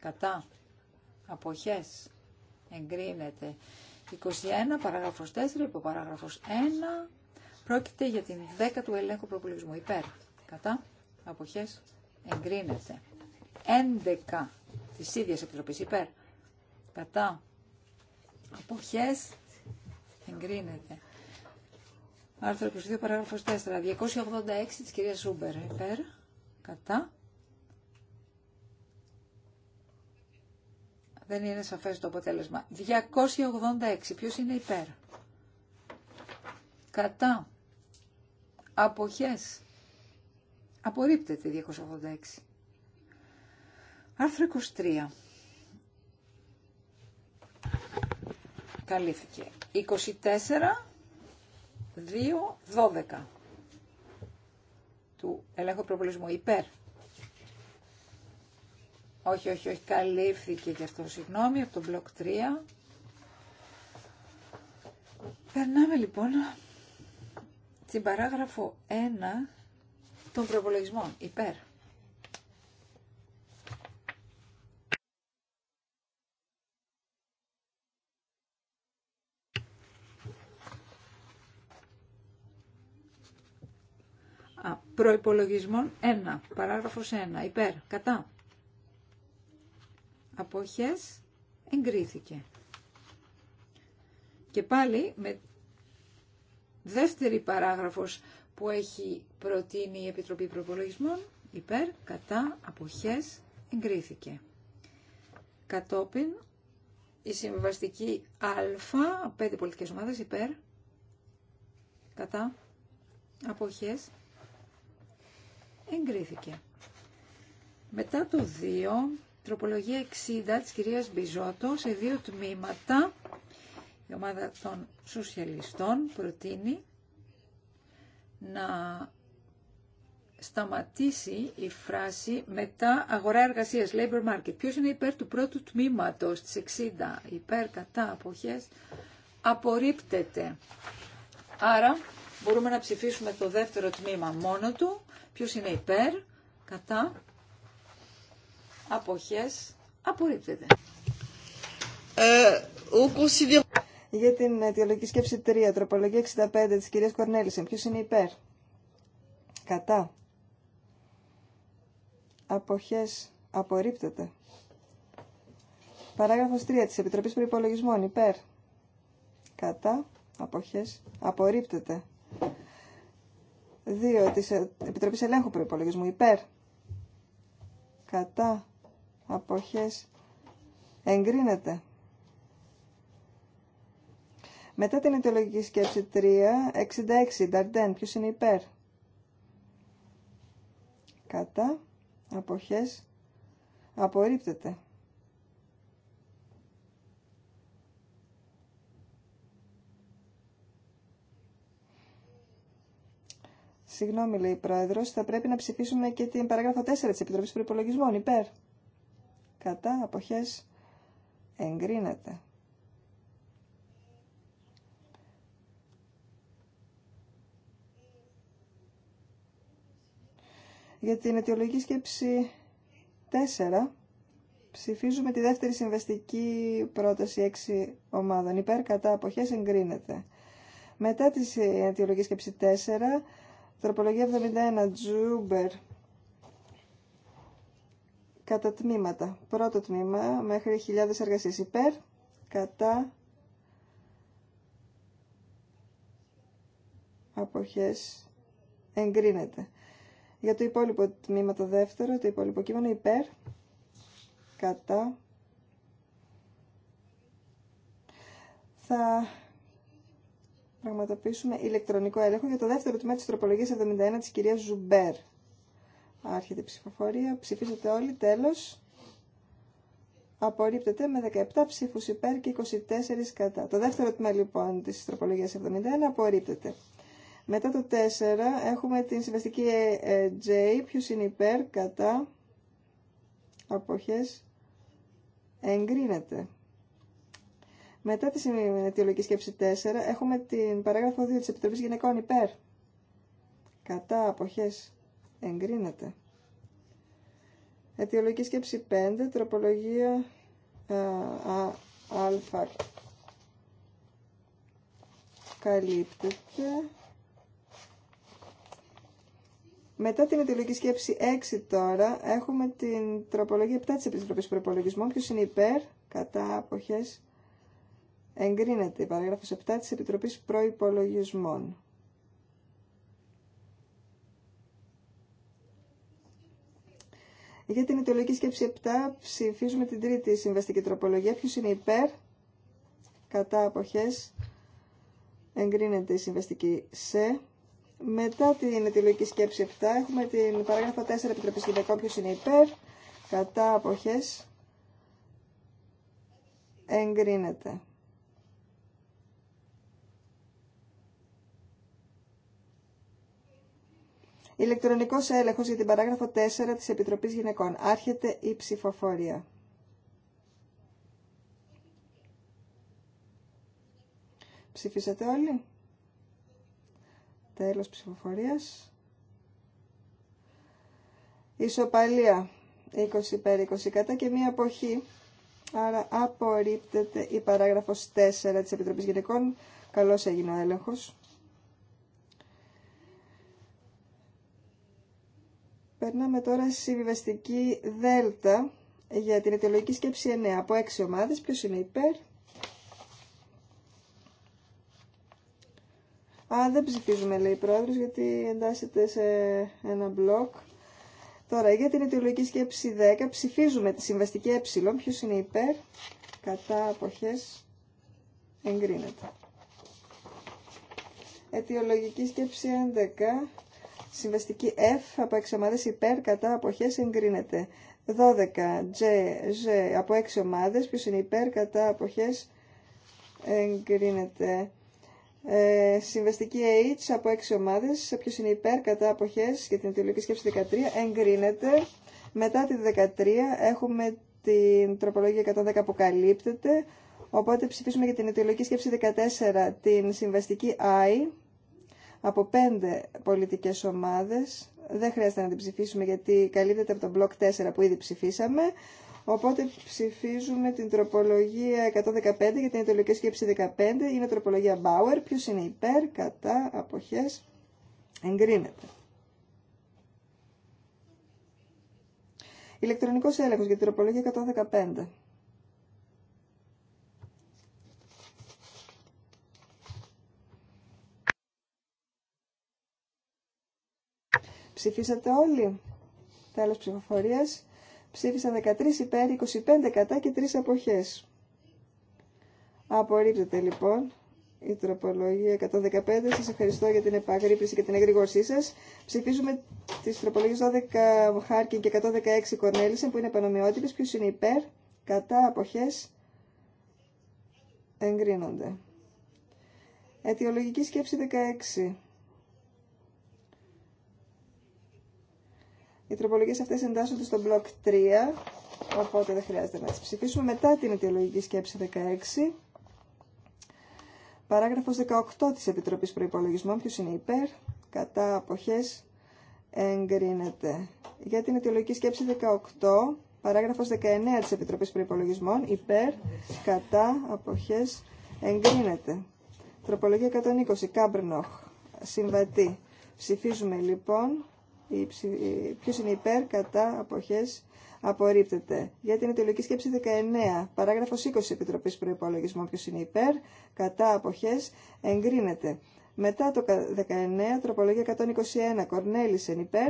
Κατά. Αποχές. Εγκρίνεται. 21 παράγραφος 4 υπό παράγραφος 1 πρόκειται για την 10 του ελέγχου προπολογισμού υπέρ. Κατά. Αποχές. Εγκρίνεται. 11 της ίδιας επιτροπής υπέρ κατά αποχές εγκρίνεται. Άρθρο 22 παράγραφος 4. 286 της κυρίας Σούμπερ. Υπέρ. Κατά. Δεν είναι σαφές το αποτέλεσμα. 286. Ποιος είναι υπέρ. Κατά. Αποχές. Απορρίπτεται 286. Άρθρο 23. καλύφθηκε. 24, 2, 12 του ελέγχου προπολισμού υπέρ. Όχι, όχι, όχι, καλύφθηκε και αυτό, συγγνώμη, από τον μπλοκ 3. Περνάμε λοιπόν στην παράγραφο 1 των προπολογισμών υπέρ. Προϋπολογισμών 1, παράγραφος 1, υπέρ, κατά. Αποχές εγκρίθηκε. Και πάλι με δεύτερη παράγραφος που έχει προτείνει η Επιτροπή Προπολογισμών, υπέρ, κατά, αποχές, εγκρίθηκε. Κατόπιν, η συμβαστική α, πέντε πολιτικές ομάδες, υπέρ, κατά, αποχές, εγκρίθηκε. Μετά το 2, τροπολογία 60 της κυρίας Μπιζότο σε δύο τμήματα. Η ομάδα των σοσιαλιστών προτείνει να σταματήσει η φράση μετά αγορά εργασίας, labor market. Ποιος είναι υπέρ του πρώτου τμήματος της 60, υπέρ κατά αποχές, απορρίπτεται. Άρα μπορούμε να ψηφίσουμε το δεύτερο τμήμα μόνο του, Ποιος είναι υπέρ, κατά, αποχές, απορρίπτεται. Ε, Για την αιτιολογική σκέψη 3, τροπολογία 65 της κυρίας Κορνέλησεν, ποιος είναι υπέρ, κατά, αποχές, απορρίπτεται. Παράγραφος 3 της Επιτροπής Προϋπολογισμών, υπέρ, κατά, αποχές, απορρίπτεται. Δύο, της Επιτροπής Ελέγχου Προϋπολογισμού υπέρ κατά αποχές εγκρίνεται. Μετά την ιδεολογική σκέψη 3, 66, Νταρντέν, ποιος είναι υπέρ. Κατά αποχές απορρίπτεται. Συγγνώμη, λέει η πρόεδρο, θα πρέπει να ψηφίσουμε και την παράγραφο 4 τη Επιτροπή Προπολογισμών. Υπέρ. Κατά αποχέ εγκρίνεται. Για την αιτιολογική σκέψη 4 ψηφίζουμε τη δεύτερη συμβαστική πρόταση 6 ομάδων. Υπέρ κατά αποχές εγκρίνεται. Μετά τη αιτιολογική σκέψη 4 Τροπολογία 71. Τζούμπερ. Κατά τμήματα. Πρώτο τμήμα μέχρι χιλιάδες εργασίες υπέρ. Κατά αποχές εγκρίνεται. Για το υπόλοιπο τμήμα το δεύτερο, το υπόλοιπο κείμενο υπέρ, κατά. Θα πραγματοποιήσουμε ηλεκτρονικό έλεγχο για το δεύτερο τμήμα της τροπολογίας 71 της κυρίας Ζουμπέρ. Άρχεται η ψηφοφορία. Ψηφίσατε όλοι. Τέλος. Απορρίπτεται με 17 ψήφους υπέρ και 24 κατά. Το δεύτερο τμήμα λοιπόν της τροπολογίας 71 απορρίπτεται. Μετά το 4 έχουμε την συμβαστική ε, ε, J. Ποιος είναι υπέρ, κατά, αποχές, εγκρίνεται. Μετά τη αιτιολογική σκέψη 4 έχουμε την παράγραφο 2 τη επιτροπή Γυναικών υπέρ. Κατά αποχέ. εγκρίνεται. Αιτιολογική σκέψη 5, τροπολογία α, α, καλύπτεται. Μετά την αιτιολογική σκέψη 6 τώρα έχουμε την τροπολογία 7 της Επιτροπής Προπολογισμών. Ποιος είναι υπέρ, κατά αποχές Εγκρίνεται η παράγραφος 7 της Επιτροπής Προϋπολογισμών. Για την ιτολογική σκέψη 7 ψηφίζουμε την τρίτη συμβαστική τροπολογία. Ποιος είναι υπέρ, κατά αποχές, εγκρίνεται η συμβαστική σε. Μετά την αιτιολογική σκέψη 7 έχουμε την παράγραφο 4 Επιτροπής Γυναικών ποιος είναι υπέρ, κατά αποχές εγκρίνεται. Ηλεκτρονικό έλεγχο για την παράγραφο 4 τη Επιτροπή Γυναικών. Άρχεται η ψηφοφορία. Ψηφίσατε όλοι. Τέλος ψηφοφορίας. Ισοπαλία 20 περί 20 κατά και μία αποχή. Άρα απορρίπτεται η παράγραφος 4 της Επιτροπής Γυναικών. Καλώς έγινε ο έλεγχος. Περνάμε τώρα στη συμβιβαστική δέλτα για την αιτιολογική σκέψη 9 από 6 ομάδες. Ποιος είναι υπέρ. Α, δεν ψηφίζουμε λέει η πρόεδρος γιατί εντάσσεται σε ένα μπλοκ. Τώρα για την αιτιολογική σκέψη 10 ψηφίζουμε τη συμβαστική ε. Ποιος είναι υπέρ. Κατά αποχές εγκρίνεται. Αιτιολογική σκέψη 11 Συμβαστική F από 6 ομάδες υπέρ κατά αποχές εγκρίνεται. 12 J, J από 6 ομάδες ποιος είναι υπέρ κατά αποχές εγκρίνεται. Ε, συμβαστική H από 6 ομάδες ποιος είναι υπέρ κατά αποχές για την αιτιολογική σκέψη 13 εγκρίνεται. Μετά τη 13 έχουμε την τροπολογία 110 που καλύπτεται. Οπότε ψηφίσουμε για την αιτιολογική σκέψη 14 την συμβαστική I από πέντε πολιτικές ομάδες. Δεν χρειάζεται να την ψηφίσουμε γιατί καλύπτεται από τον μπλοκ 4 που ήδη ψηφίσαμε. Οπότε ψηφίζουμε την τροπολογία 115 για την ιδεολογική σκέψη 15. Είναι τροπολογία Bauer. Ποιος είναι υπέρ, κατά, αποχές. Εγκρίνεται. Ηλεκτρονικός έλεγχος για την τροπολογία 115. Ψηφίσατε όλοι. Τέλος ψηφοφορία. Ψήφισαν 13 υπέρ, 25 κατά και 3 αποχές. Απορρίπτεται λοιπόν η τροπολογία 115. Σας ευχαριστώ για την επαγρύπνηση και την εγρήγορσή σας. Ψηφίζουμε τις τροπολογίες 12 Χάρκιν και 116 Κορνέλισεν που είναι πανομοιότυπες. Ποιος είναι υπέρ, κατά, αποχές. Εγκρίνονται. Αιτιολογική σκέψη 16. Οι τροπολογίε αυτές εντάσσονται στο μπλοκ 3, οπότε δεν χρειάζεται να τι ψηφίσουμε. Μετά την αιτιολογική σκέψη 16, παράγραφος 18 της Επιτροπής Προϋπολογισμών, ποιος είναι υπέρ, κατά αποχές εγκρίνεται. Για την αιτιολογική σκέψη 18, παράγραφος 19 της Επιτροπής Προϋπολογισμών, υπέρ, κατά αποχές εγκρίνεται. Τροπολογία 120, Κάμπρνοχ, συμβατή. Ψηφίζουμε λοιπόν Ποιος είναι υπέρ, κατά, αποχές, απορρίπτεται. Για την αιτιολογική σκέψη 19, παράγραφος 20 Επιτροπής Προϋπολογισμού, ποιος είναι υπέρ, κατά, αποχές, εγκρίνεται. Μετά το 19, τροπολογία 121, κορνέλησεν υπέρ,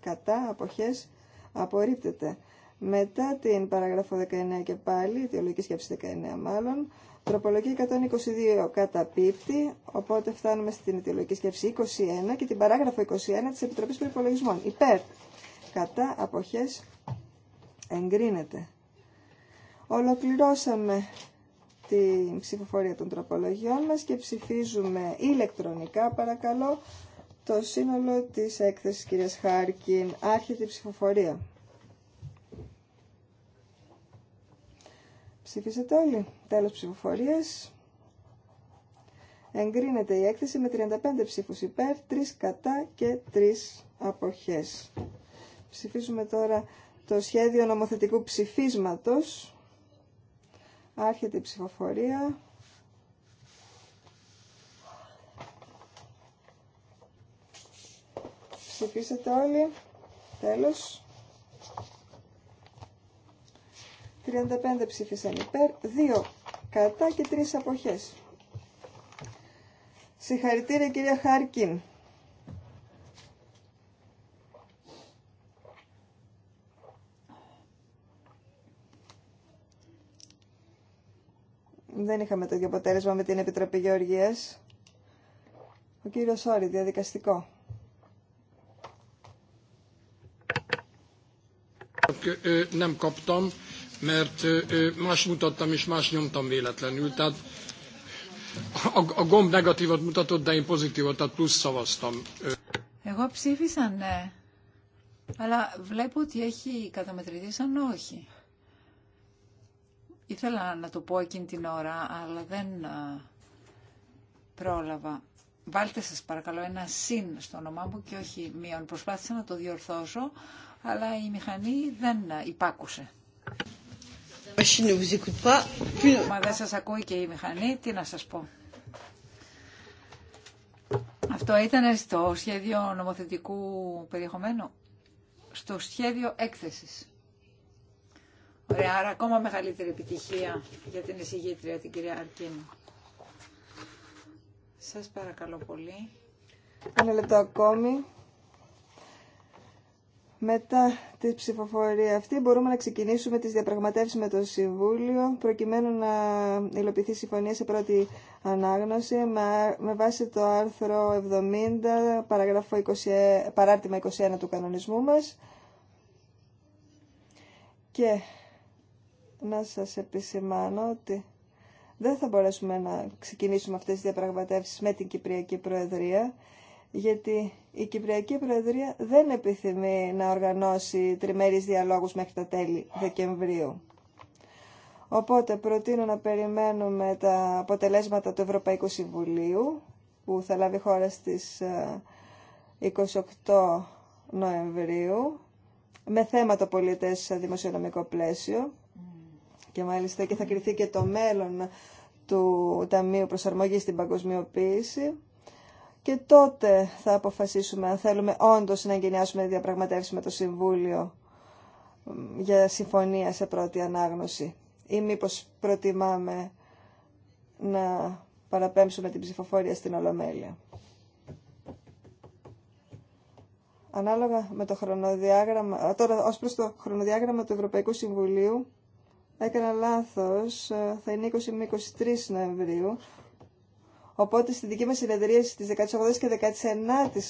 κατά, αποχές, απορρίπτεται. Μετά την παράγραφο 19 και πάλι, αιτιολογική σκέψη 19 μάλλον, Τροπολογία 122 καταπίπτει, οπότε φτάνουμε στην αιτιολογική σκέψη 21 και την παράγραφο 21 της Επιτροπής Προϋπολογισμών. Υπέρ, κατά, αποχές, εγκρίνεται. Ολοκληρώσαμε την ψηφοφορία των τροπολογιών μας και ψηφίζουμε ηλεκτρονικά, παρακαλώ, το σύνολο της έκθεσης κυρίας Χάρκιν. Άρχεται η ψηφοφορία. Ψηφίσατε όλοι. Τέλος ψηφοφορίας. Εγκρίνεται η έκθεση με 35 ψήφους υπέρ, 3 κατά και 3 αποχές. Ψηφίζουμε τώρα το σχέδιο νομοθετικού ψηφίσματος. Άρχεται η ψηφοφορία. Ψηφίσατε όλοι. Τέλος. 35 ψήφισαν υπέρ, 2 κατά και 3 αποχές. Συγχαρητήρια κυρία Χάρκιν. Δεν είχαμε το ίδιο αποτέλεσμα με την Επιτροπή Γεωργίας. Ο κύριος Όρη, διαδικαστικό. Ε, ε, mert más mutattam és más nyomtam véletlenül, tehát a, gomb negatívat mutatott, de én pozitívat, tehát plusz szavaztam. Εγώ ψήφισα ναι, αλλά βλέπω ότι έχει καταμετρηθεί σαν όχι. Ήθελα να το πω εκείνη την ώρα, αλλά δεν πρόλαβα. Βάλτε σας παρακαλώ ένα συν στο όνομά μου και όχι μείον. Προσπάθησα να το διορθώσω, αλλά η μηχανή δεν υπάκουσε. Euh, Μα δεν σας ακούει και η μηχανή, τι να σας πω. Αυτό ήταν στο σχέδιο νομοθετικού περιεχομένου, στο σχέδιο έκθεσης. Ωραία, άρα ακόμα μεγαλύτερη επιτυχία για την εισηγήτρια, την κυρία Αρκίνη. Σας παρακαλώ πολύ. Ένα λεπτό ακόμη. Μετά τη ψηφοφορία αυτή μπορούμε να ξεκινήσουμε τις διαπραγματεύσεις με το Συμβούλιο προκειμένου να υλοποιηθεί συμφωνία σε πρώτη ανάγνωση με, βάση το άρθρο 70 παράγραφο 20, παράρτημα 21 του κανονισμού μας και να σας επισημάνω ότι δεν θα μπορέσουμε να ξεκινήσουμε αυτές τις διαπραγματεύσεις με την Κυπριακή Προεδρία γιατί η Κυπριακή Προεδρία δεν επιθυμεί να οργανώσει τριμέρις διαλόγους μέχρι τα τέλη Δεκεμβρίου. Οπότε προτείνω να περιμένουμε τα αποτελέσματα του Ευρωπαϊκού Συμβουλίου που θα λάβει χώρα στις 28 ε, Νοεμβρίου με θέμα το πολιτές δημοσιονομικό πλαίσιο και μάλιστα και θα κριθεί και το μέλλον του Ταμείου Προσαρμογής στην Παγκοσμιοποίηση και τότε θα αποφασίσουμε αν θέλουμε όντως να εγκαινιάσουμε να με το Συμβούλιο για συμφωνία σε πρώτη ανάγνωση ή μήπως προτιμάμε να παραπέμψουμε την ψηφοφόρια στην Ολομέλεια. Ανάλογα με το χρονοδιάγραμμα, τώρα ως προς το χρονοδιάγραμμα του Ευρωπαϊκού Συμβουλίου, έκανα λάθος, ε, θα είναι 20 με 23 Νοεμβρίου, Οπότε στη δική μας συνεδρία στι 18 και 19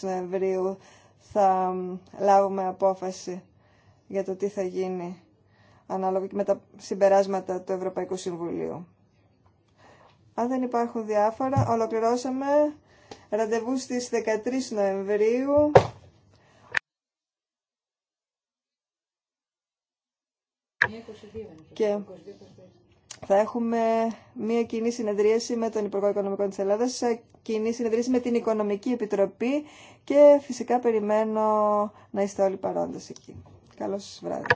Νοεμβρίου θα λάβουμε απόφαση για το τι θα γίνει ανάλογα και με τα συμπεράσματα του Ευρωπαϊκού Συμβουλίου. Αν δεν υπάρχουν διάφορα, ολοκληρώσαμε ραντεβού στις 13 Νοεμβρίου. Και θα έχουμε μία κοινή συνεδρίαση με τον Υπουργό Οικονομικών της Ελλάδας, ε, κοινή συνεδρίαση με την Οικονομική Επιτροπή και φυσικά περιμένω να είστε όλοι παρόντες εκεί. Καλώς βράδυ.